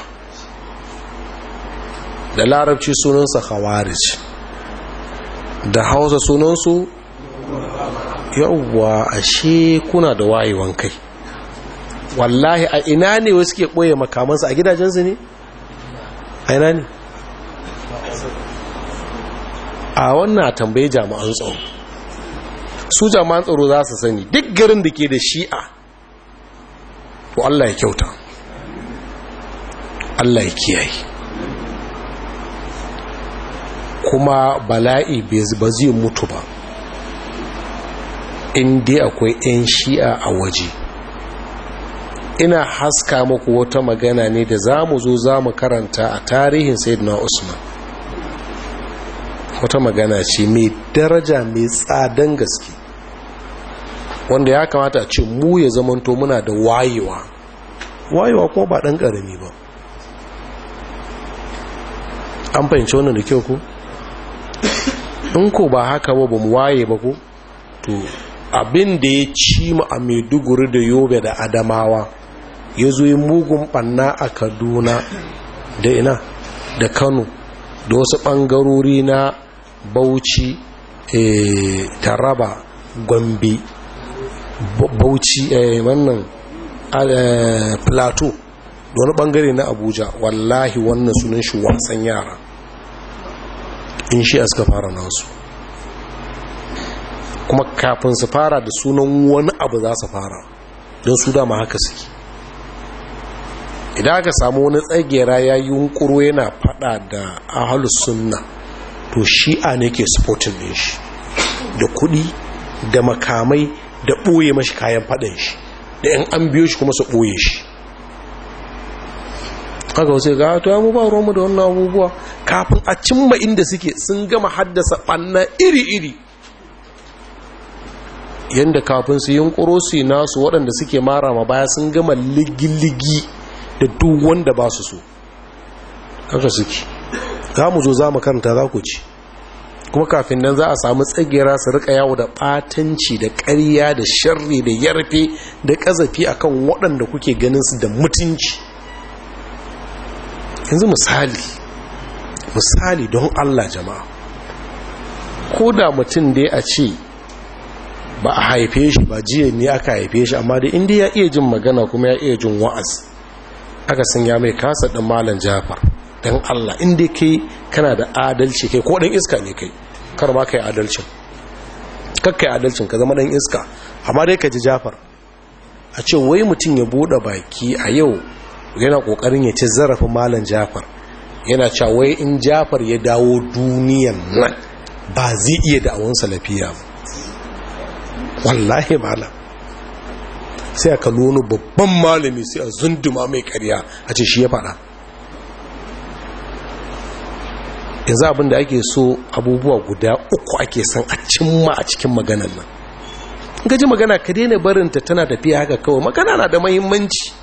Speaker 1: da larabci sunansa khawarij da hausa sunansu yawwa ashe kuna da wayewan kai wallahi a ina ne wasu ke ɓoye makamansu a gidajensu ne a ina ne a wannan tambaye jami'an tsoro su jami'an tsaro za su sani duk garin da ke da shi'a to Allah ya kyauta Allah ya kiyaye kuma bala'i ba zai mutu ba in dai akwai 'yan shi'a a waje ina haska muku wata magana ne da za mu zo za mu karanta a tarihin sayyidina usman wata magana ce mai daraja mai tsadan gaske wanda ya kamata a ce mu ya zamanto muna da wayewa wayewa ko ba ɗan karami ba an fahimci wannan da kyau ko in ko ba haka ba ba mu waye ba ko to abin da ya ci mu a maiduguri da yobe da adamawa ya zo yi mugun ɓanna a kaduna da ina da kano da wasu ɓangarori na bauchi eh, taraba gombe bauchi eh, wannan eh, plateau da wani bangare na abuja wallahi wannan sunan shi wasan yara in shi a suka fara nasu kuma kafin su fara da sunan wani abu za su fara don su dama haka suke idan aka samu wani tsagera ya yi hunkuro yana fada da ahalus sunna to shi'a ne ke sportin ne shi da kudi da makamai da ɓoye mashi kayan faɗin shi da yan an biyo shi kuma su ɓoye shi haka wasu ga ah, to ya mu ba ruwanmu da wannan abubuwa kafin a cimma inda suke sun gama haddasa ɓanna iri-iri yadda kafin su yunkuro su nasu waɗanda suke mara ma baya sun gama ligi-ligi da duk wanda ba su so haka suke za mu zo za mu karanta za ku ci kuma kafin nan za a samu tsagera su rika yawo da batanci da ƙarya da sharri da yarfe da ƙazafi akan waɗanda kuke ganin su da mutunci yanzu misali misali don Allah jama'a ko da mutum dai a ce ba a haife shi ba jiya ne aka haife shi amma da inda ya iya jin magana kuma ya iya jin wa'az aka sun ya mai kasa ɗin malam jafar dan Allah inda kai kana da adalci kai ko dan iska ne kai kar ma kai adalcin kai adalcin ka zama dan iska amma dai ka ji Jafar a ce wai mutum ya bude baki a yau yana kokarin ya ci zarafin malam Jafar yana cewa wai in Jafar ya dawo duniyan nan ba zai iya awon salafiya ba wallahi malam sai aka lono babban malami sai a zunduma mai karya a ce shi ya faɗa yanzu abin da ake so abubuwa guda uku ake son a cimma a cikin maganan nan gaji magana ka daina barinta tana tafiya haka kawai magana na da mahimmanci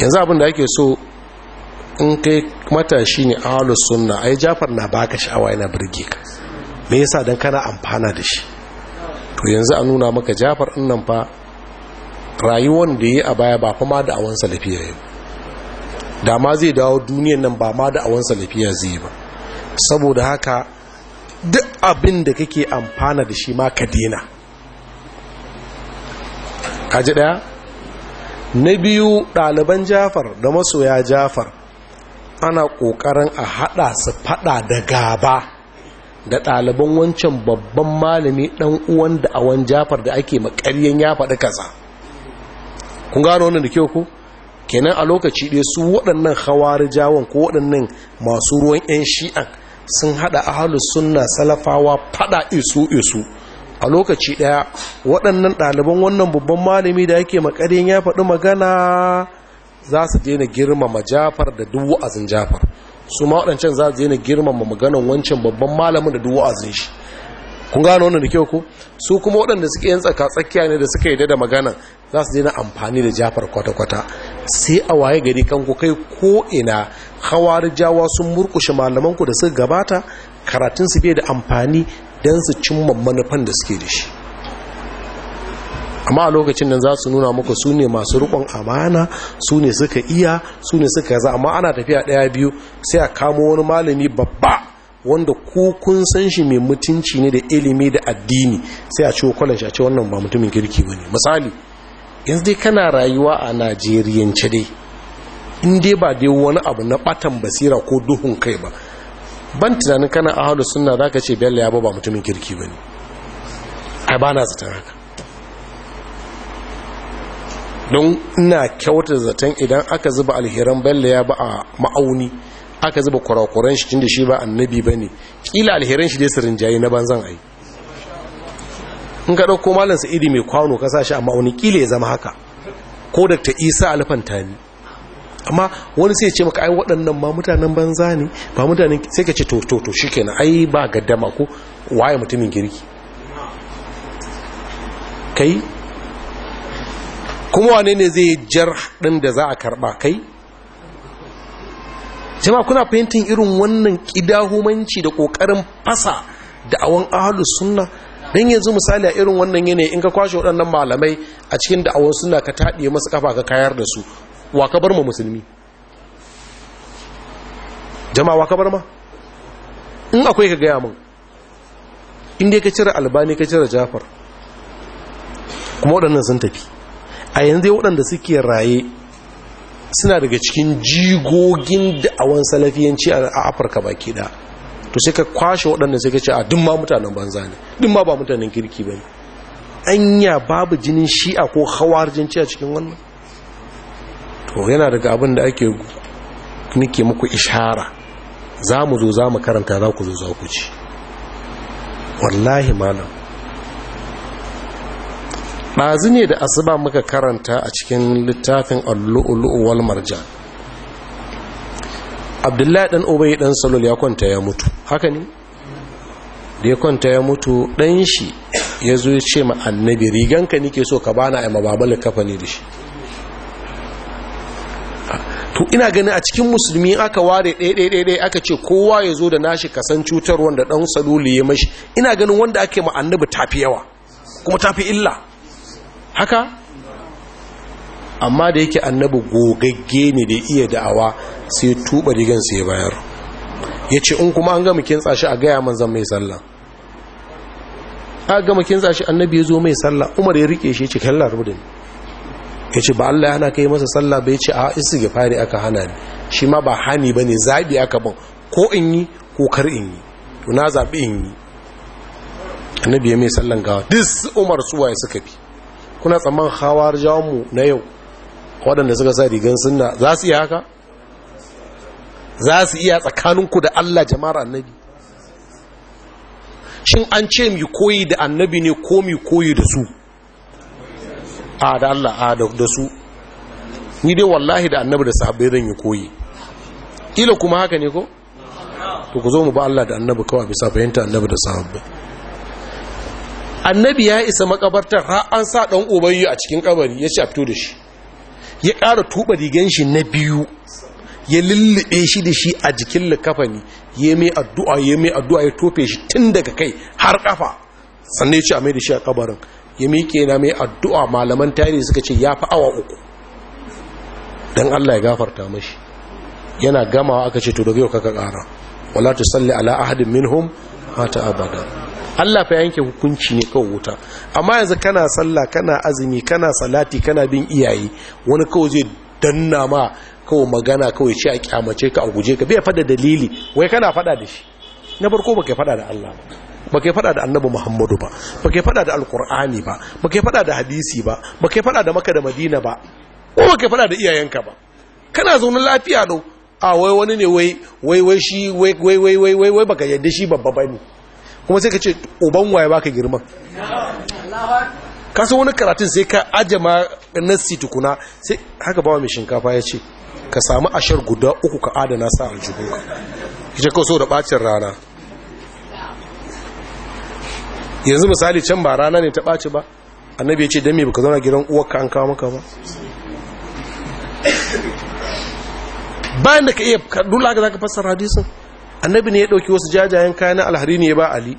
Speaker 1: yanzu abin da ake so in kai matashi ne a suna sunna ai jafar na baka sha'awa yana birge ka me yasa don kana amfana da shi to yanzu a nuna maka jafar nan fa rayuwan da yi a baya ba kuma da awon lafiya yau da ma zai dawo duniyan nan ba ma da awon salafiya zai ba saboda haka duk abin da kake amfana da shi ma ka dena kaji daya na biyu ɗaliban jafar da masoya jafar ana ƙoƙarin a haɗa su faɗa da gaba da ɗaliban wancan babban malami ɗan uwan da awon jafar da ake makaryen ya faɗi kasa kun gano wannan da kyau ku kenan a lokaci ɗaya su waɗannan hawari jawon ko waɗannan masu ruwan 'yan Shi'a sun haɗa ahalus sunna salafawa faɗa isu isu a lokaci ɗaya waɗannan ɗaliban wannan babban malami da yake makarin ya faɗi magana za su daina girmama jafar da duk wa'azin jafar su ma waɗancan za su daina girmama maganan wancan babban malamin da duk wa'azin shi kun gano wannan da kyau ko su kuma waɗanda suke yin tsaka tsakiya ne da suka yi da magana za su daina amfani da jafar kwata-kwata sai a waye gari kanku kai ko ina hawar jawa sun murkushe malamanku da suka gabata karatun su bai da amfani don su cimma manufan da suke da shi amma a lokacin nan za su nuna muku su ne masu rikon amana su ne suka iya su ne suka yaza amma ana tafiya ɗaya biyu sai a kamo wani malami babba wanda ko kun san shi mai mutunci ne da ilimi da addini sai a ciwo kwallon shi a ce wannan ba mutumin kirki ba ne misali yanzu dai kana rayuwa a najeriyance dai in dai ba dai wani abu na batan basira ko duhun kai ba ban tunanin kana ahalu sunna za ka ce bella ya ba mutumin kirki ba ne A ba na zaton haka don ina kyauta zaton idan aka zuba alheran bello ya ba a ma'auni aka zuba kurakuran shi tun da shi ba annabi ba ne ƙila alheran shi dai sirin jayi na banzan ai in ka ɗauko malam sa'idi mai kwano ka sa shi a ma'auni ƙila ya zama haka ko da ta isa alfantani amma wani sai ce maka ai waɗannan ma mutanen banza ne ba mutanen sai ka ce to to to shikenan ai ba gaddama ko waye mutumin girki kai kuma wane ne zai jar ɗin da za a karɓa kai jama kuna fahimtar irin wannan ƙidahumanci da ƙoƙarin fasa da awon ahalus sunna don yanzu misali a irin wannan yanayi in ka kwashe waɗannan malamai a cikin da'awar suna ka taɗe masu kafa ka kayar da su wa ka bar ma musulmi jama'a wa ka bar ma in akwai ka gaya min inda ka cire albani ka cire jafar kuma waɗannan sun tafi a yanzu waɗanda suke raye suna daga cikin jigogin da'awan salafiyanci a afirka baki ɗaya to sai ka kwashe waɗanda sai ka ce a duk ma mutanen banza ne duk ma ba mutanen kirki ba ne anya babu jinin shi'a ko hawar ci a cikin wannan to yana daga abin da ake nike muku ishara za mu zo za mu karanta za ku zo za ku ci wallahi malam ɗazu ne da asuba muka karanta a cikin littafin al'ulu'u marjan abdullahi dan obai dan salul ya kwanta ya mutu haka ne da ya kwanta ya mutu dan shi ya zo ya ce ma annabi riganka nike so ka bana ai mababal kafani da shi to ina ganin a cikin musulmi aka ware ɗaiɗaiɗaiɗai aka ce kowa ya zo da nashi kasan cutar wanda ɗan saluli ya mashi ina ganin wanda ake ma tafi yawa kuma tafi illa haka amma da yake annabi gogagge ne da iya da'awa sai tuba rigan sai bayar ya ce in kuma an gama kintsa shi a gaya manzan mai sallah a gama kintsa shi annabi ya zo mai sallah umar ya rike shi ya ce kallar rudin ya ce ba Allah yana kai masa sallah bai ce a isi ga fari aka hana ni shi ma ba hani ba ne zaɓi aka bin ko in yi ko kar in yi to na zaɓi in yi annabi ya mai sallan gawa dis umar suwaye suka bi kuna tsamman hawar jawon mu na yau waɗanda suka sa rigan sunna za su iya haka za su iya tsakaninku da Allah jama'ar annabi shin an ce mu koyi da annabi ne ko mu koyi da su a da Allah a da su ni dai wallahi da annabi da sahabbai zan yi koyi ila kuma haka ne ko to ku zo mu ba Allah da annabi kawai bisa fahimta annabi da sahabbai annabi ya isa makabartar ra'an an sa dan obayi a cikin kabari ya ce a fito da shi ya ƙara tuba rigan shi na biyu ya lullube shi da shi a jikin lakafani, ya mai addu'a ya mai addu'a ya tofe shi tun daga kai har ƙafa. sannan ya ce a mai da shi a ƙabarin, ya miƙe na mai addu'a malaman tarihi suka ce ya fi awa uku don Allah ya gafarta mashi yana gamawa aka ce to daga yau kaka ƙara wala ta salli ala ahadin minhum mata abada Allah fa yanke hukunci ne kawai wuta amma yanzu kana sallah kana azumi kana salati kana bin iyaye wani kawai zai danna ma kawai magana kawai ce a kyamace ka a guje ka bai fada dalili wai kana fada da shi na farko baka fada da Allah ba baka fada da Annabi Muhammadu ba baka fada da Alkur'ani ba baka fada da hadisi ba baka fada da Makka da Madina ba ko baka fada da iyayenka ba kana zaune lafiya dau a wai wani ne wai wai wai shi wai wai wai wai baka yadda shi babba bane kuma sai ka ce uban waye baka girman kasan wani karatun sai ka ajama nassi tukuna sai haka bawa mai shinkafa ya ce ka samu ashar guda uku ka adana sa Ka ce kawai so da bacin rana yanzu misali can ba rana ne ta ɓaci ba annabi ya ce dami me baka zauna gidan uwarka an kawo maka ba bayan da ka iya kaɗula ga za ka fasa hadisun annabi ne ya ɗauki wasu jajayen kayan alhari ne ya ba ali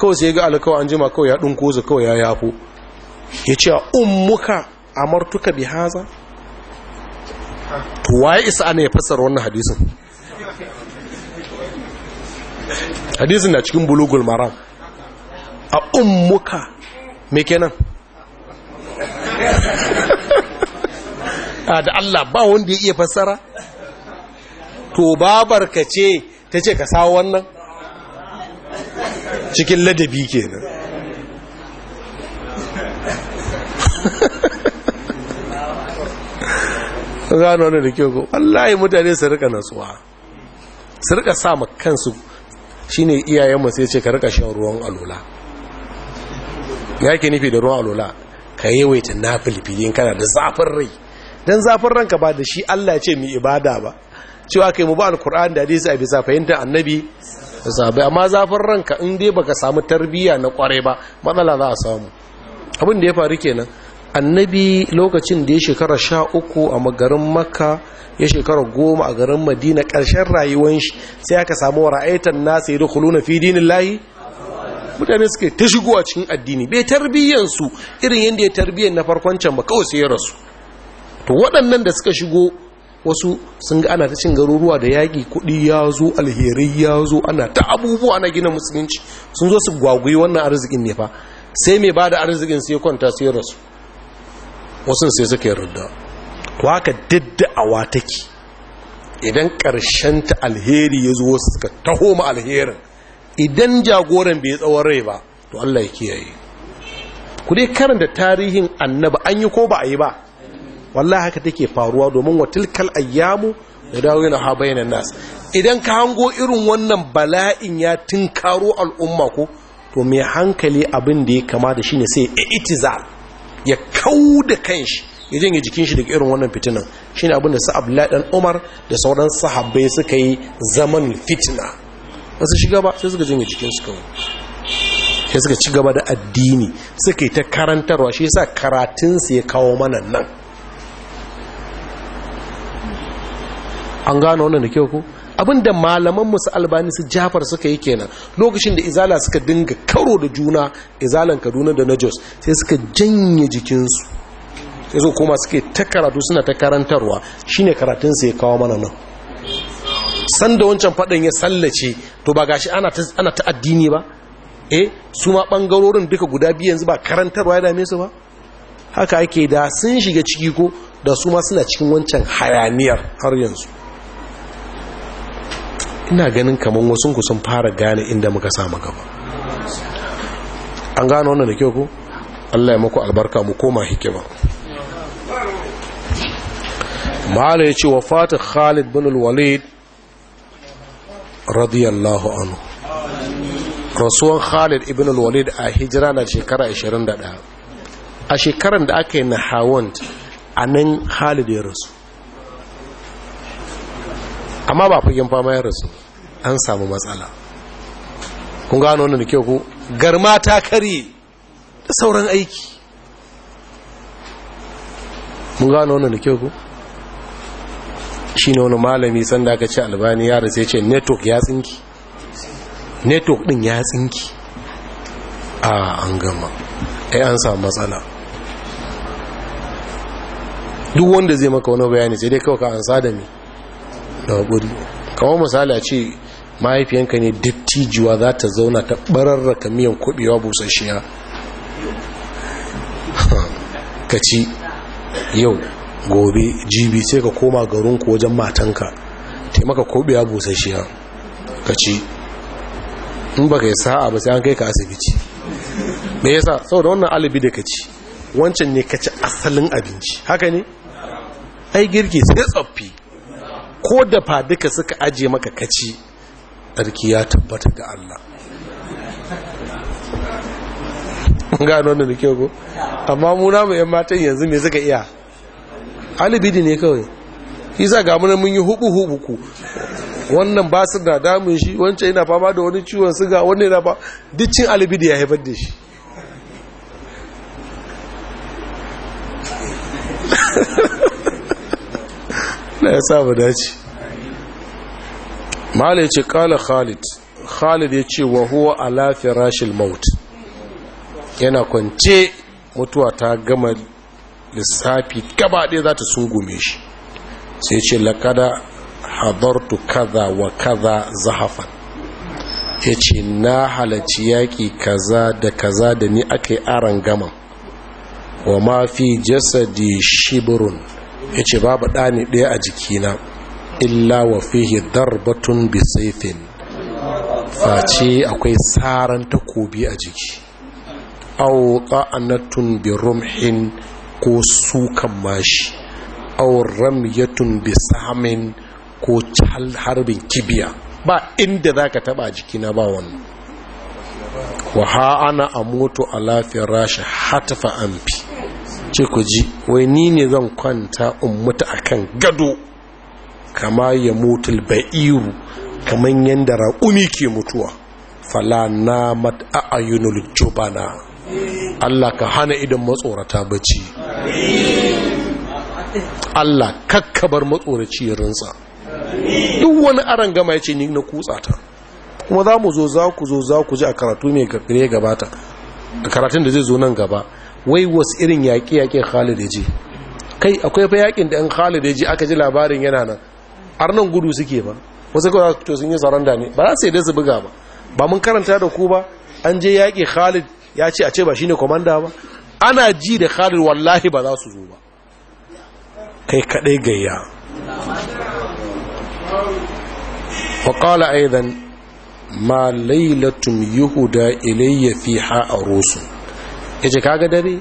Speaker 1: kawai sai ya ga alkawa an jima kawai ya ɗin su kawai ya yafo ya ce a martuka bi haza to waye isa ana ya fassara wannan hadisin hadisin na cikin bulugul maram a muka. me kenan a ah, da Allah ba wanda ya iya fassara to babarka ce ta ce ka sawo wannan cikin ladabi kenan gano wani da kyau ko wallahi mutane su rika natsuwa su rika sa ma kansu shine iyayen sai ce ka rika shan ruwan alola ya ke nufi da ruwan alola ka yawaita filifilin kana da zafin rai don zafin ranka ba da shi Allah ce mu ibada ba cewa kai mu ba alkur'ani da hadisi a bisa fahimta annabi da amma zafin ranka in dai baka samu tarbiyya na kwarai ba matsala za a samu abin da ya faru kenan annabi lokacin da ya shekara sha uku a garin makka ya shekara goma a garin madina ƙarshen rayuwan shi sai aka samu ra'aitan nasa ya dukulu na fidin layi mutane suke ta shigo a cikin addini bai tarbiyyansu irin yadda ya tarbiyyar na farkon can ba kawai sai ya rasu to waɗannan da suka shigo wasu sun ga ana ta cin garuruwa da yaƙi kuɗi ya zo alherai ya zo ana ta abubuwa na gina musulunci sun zo su gwagwai wannan arzikin ne fa sai mai ba da arzikin sai kwanta sai rasu wasu sai suka yarda to haka wata take idan ƙarshen ta alheri ya zo wasu suka taho ma alherin idan jagoran bai tsawon rai ba to Allah ya kiyaye ku dai karanta tarihin annabi an yi ko ba a yi ba wallahi haka take faruwa domin watilkal ayyamu da dawo na ha bayanan nas idan ka hango irin wannan bala'in ya tinkaro al'umma ko to mai hankali abin da ya kama da shine sai itizal ya kauda kanshi ya janye jikin shi daga irin wannan fitinan shine abin da su Abdullahi dan Umar da sauran sahabbai suka yi zaman fitina ba su shiga ba sai suka janye jikin su kawai sai suka ci gaba da addini suka yi ta karantarwa shi yasa karatun su ya kawo mana nan an gano wannan da kyau ku abinda malaman musu albani su jafar suka yi kenan lokacin da izala suka dinga karo da juna izalan kaduna da Najos sai suka janye jikinsu sai su kuma suke ta karatu suna ta karantarwa shine karatun ya kawo mana nan sanda wancan fadin ya sallace to ba gashi ana ta addini ba eh su ma ɓangarorin duka guda biyu yanzu ba karantarwa ya dame su ba haka ake da sun shiga ciki ko da su ma suna cikin wancan hayaniyar har yanzu ina ganin kamar wasu ku sun fara gane inda muka samu gaba an gano wannan da kyau ku. Allah ya maku albarka mu koma hikima ma'ala ya ce wa fatih khalid bin walid radiyallahu anhu rasuwan khalid ibn walid a hijira na shekara 21 a shekaran da aka yi na hawan a khalid ya rasu amma ba fagen fama ya rasu an samu matsala kun gano wannan da kyau ku garma ta kare da sauran aiki mun gano wannan da kyau ku shi ne wani malami sanda aka ce albani yara sai ce network ya tsinki network din ya tsinki a an gama ai an samu matsala duk wanda zai maka wani bayani sai dai kawai ka an sadami da haƙuri kawai misali a ce mahaifiyanka ne dattijuwa za ta zauna ta ɓararraka miyan kubewa busasshiya ka ci yau gobe jibi sai ka koma garinku wajen matanka taimaka kubewa busasshiya ka ci in ba ka yi sa'a ba sai an kai ka asibiti me yasa saboda wannan alibi da ka ci wancan ne ka ci asalin abinci haka ne ai girki sai tsoffi ko da duka suka aje maka kaci tsarki ya tabbata ga Allah gano da nake ko amma mu yan matan yanzu me suka iya alibidi ne kawai isa ga muna mun yi hubu hubu ku wannan ba su da damun shi wancan yana fama da wani ciwon suga wannan yana ba dicin alibidi ya haifar da shi na ya sa dace mala ya ce kala khalid khalid ya ce wa huwa ala firashil maut yana kwance mutuwa ta gama lissafi gaba ɗaya za ta sungume shi sai ce lakada hadartu kaza wa kaza zahafan ya ce na halarci yaƙi kaza da kaza da ni aka yi aron gama wa ma fi jasadi shibirin ya ce babu ɗani ɗaya a jikina illa wa fihi darbatun bi saifin. face akwai tsaran takobi a jiki au qa'anatun bi rumhin ko sukan mashi au ramyatun bi samin ko harbin kibiya ba inda zaka taba na ba wannan wa ha ana amutu ala firashi hatfa anfi ce ku ji wai ni ne zan kwanta ummuta akan gado kama ya mutul ba'iru kaman yadda raƙumi ke mutuwa fala na mat'ayunul jubana Allah ka hana idan matsorata bacci Allah kakkabar matsoraci rinsa duk wani aran gama ya ce ni na kutsa ta kuma za mu zo za ku zo za ku ji a karatu mai gabire gabata a karatun da zai zo nan gaba wai wasu irin yaƙi-yaƙin khalid ji kai akwai fa yaƙin da in khalid ji aka ji labarin yana nan arnan gudu suke ba wasu kawai to sun yi saranda ne ba za su yadda su buga ba ba mun karanta da ku ba an je yaƙi khalid ya ce a ce ba shine komanda ba ana ji da khalid wallahi ba za su zo ba kai kaɗai gayya wa yi zan ma lailatum yuhuda ilayya rusu ya ce kaga dare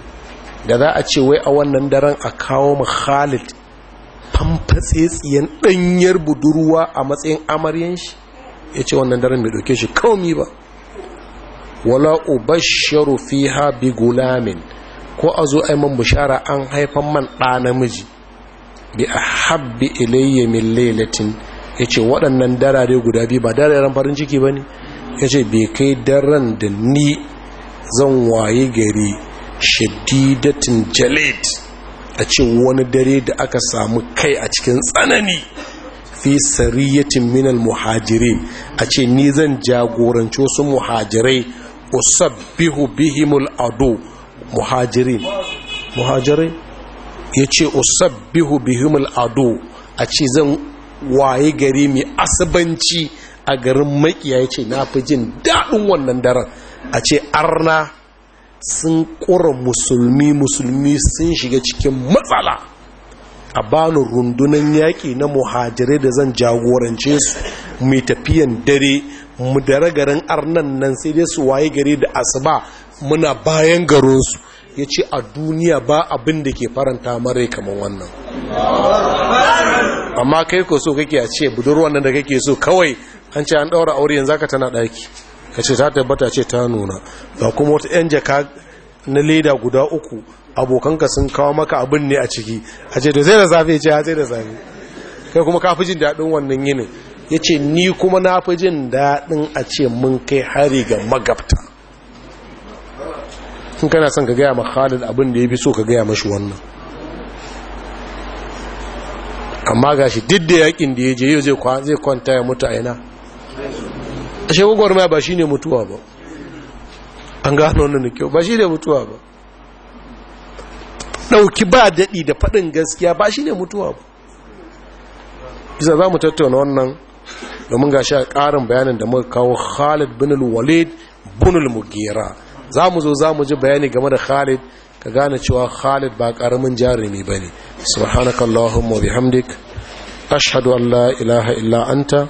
Speaker 1: da za a ce wai a wannan daren a kawo mu khalid fanfatsetsiyan ɗanyar budurwa a matsayin amaryan shi ya ce wannan daren bai ɗauke shi kaumi ba wala ubasharu ha bi gulamin ko a zo aiman bishara an haifan man ɗa namiji bi a habbi ilayya min lailatin ya ce waɗannan darare guda biyu ba dararen farin ciki ba ne ya ce bai kai daren da ni zan waye gari shadidatin jalet a cin wani dare da aka samu kai a cikin tsanani fi sariyatin minal muhajirin a ce ni zan jagoranci wasu muhajirai sabbihu bihimul ado muhajirin muhajirai ya ce usabbihu bihimul ado a ce zan waye gari mai asibanci a garin makiya ya ce na fi jin daɗin wannan daren a ce arna sun ƙura musulmi musulmi sun shiga cikin matsala a bani rundunan yaƙi na muhajirai da zan jagorance su mai tafiyan dare mu dare garin arnan nan sai dai su waye gari da asuba muna bayan garinsu ya ce a duniya ba abin da ke faranta mare kamar wannan amma kai ko so kake a ce budurwan nan da kake so kawai an ce an ɗaura aure yanzu ka tana ɗaki ka ce ta tabbata ce ta nuna ba kuma wata 'yan jaka na leda guda uku abokanka sun kawo maka abin ne a ciki a ce to zai da safe ce ya zai da zafi kai kuma ka fi jin daɗin wannan yinin ya ce ni kuma na fi jin daɗin a ce mun kai hari ga magabta sun kana son ka gaya ma khalid abin da ya fi so ka gaya mashi wannan amma gashi duk da yakin da ya je yau zai kwanta ya mutu a yana ashe ma ba ne mutuwa ba an gano wannan da kyau ba ne mutuwa ba ɗauki ba daɗi da faɗin gaskiya ba ne mutuwa ba bisa za mu tattauna wannan domin ga sha ƙarin bayanin da muka kawo Khalid bin walid bin mugera za mu zo za mu ji bayani game da Khalid ka gane cewa Khalid ba ƙaramin jarumi bane subhanakallahumma bihamdik ashhadu an la ilaha illa anta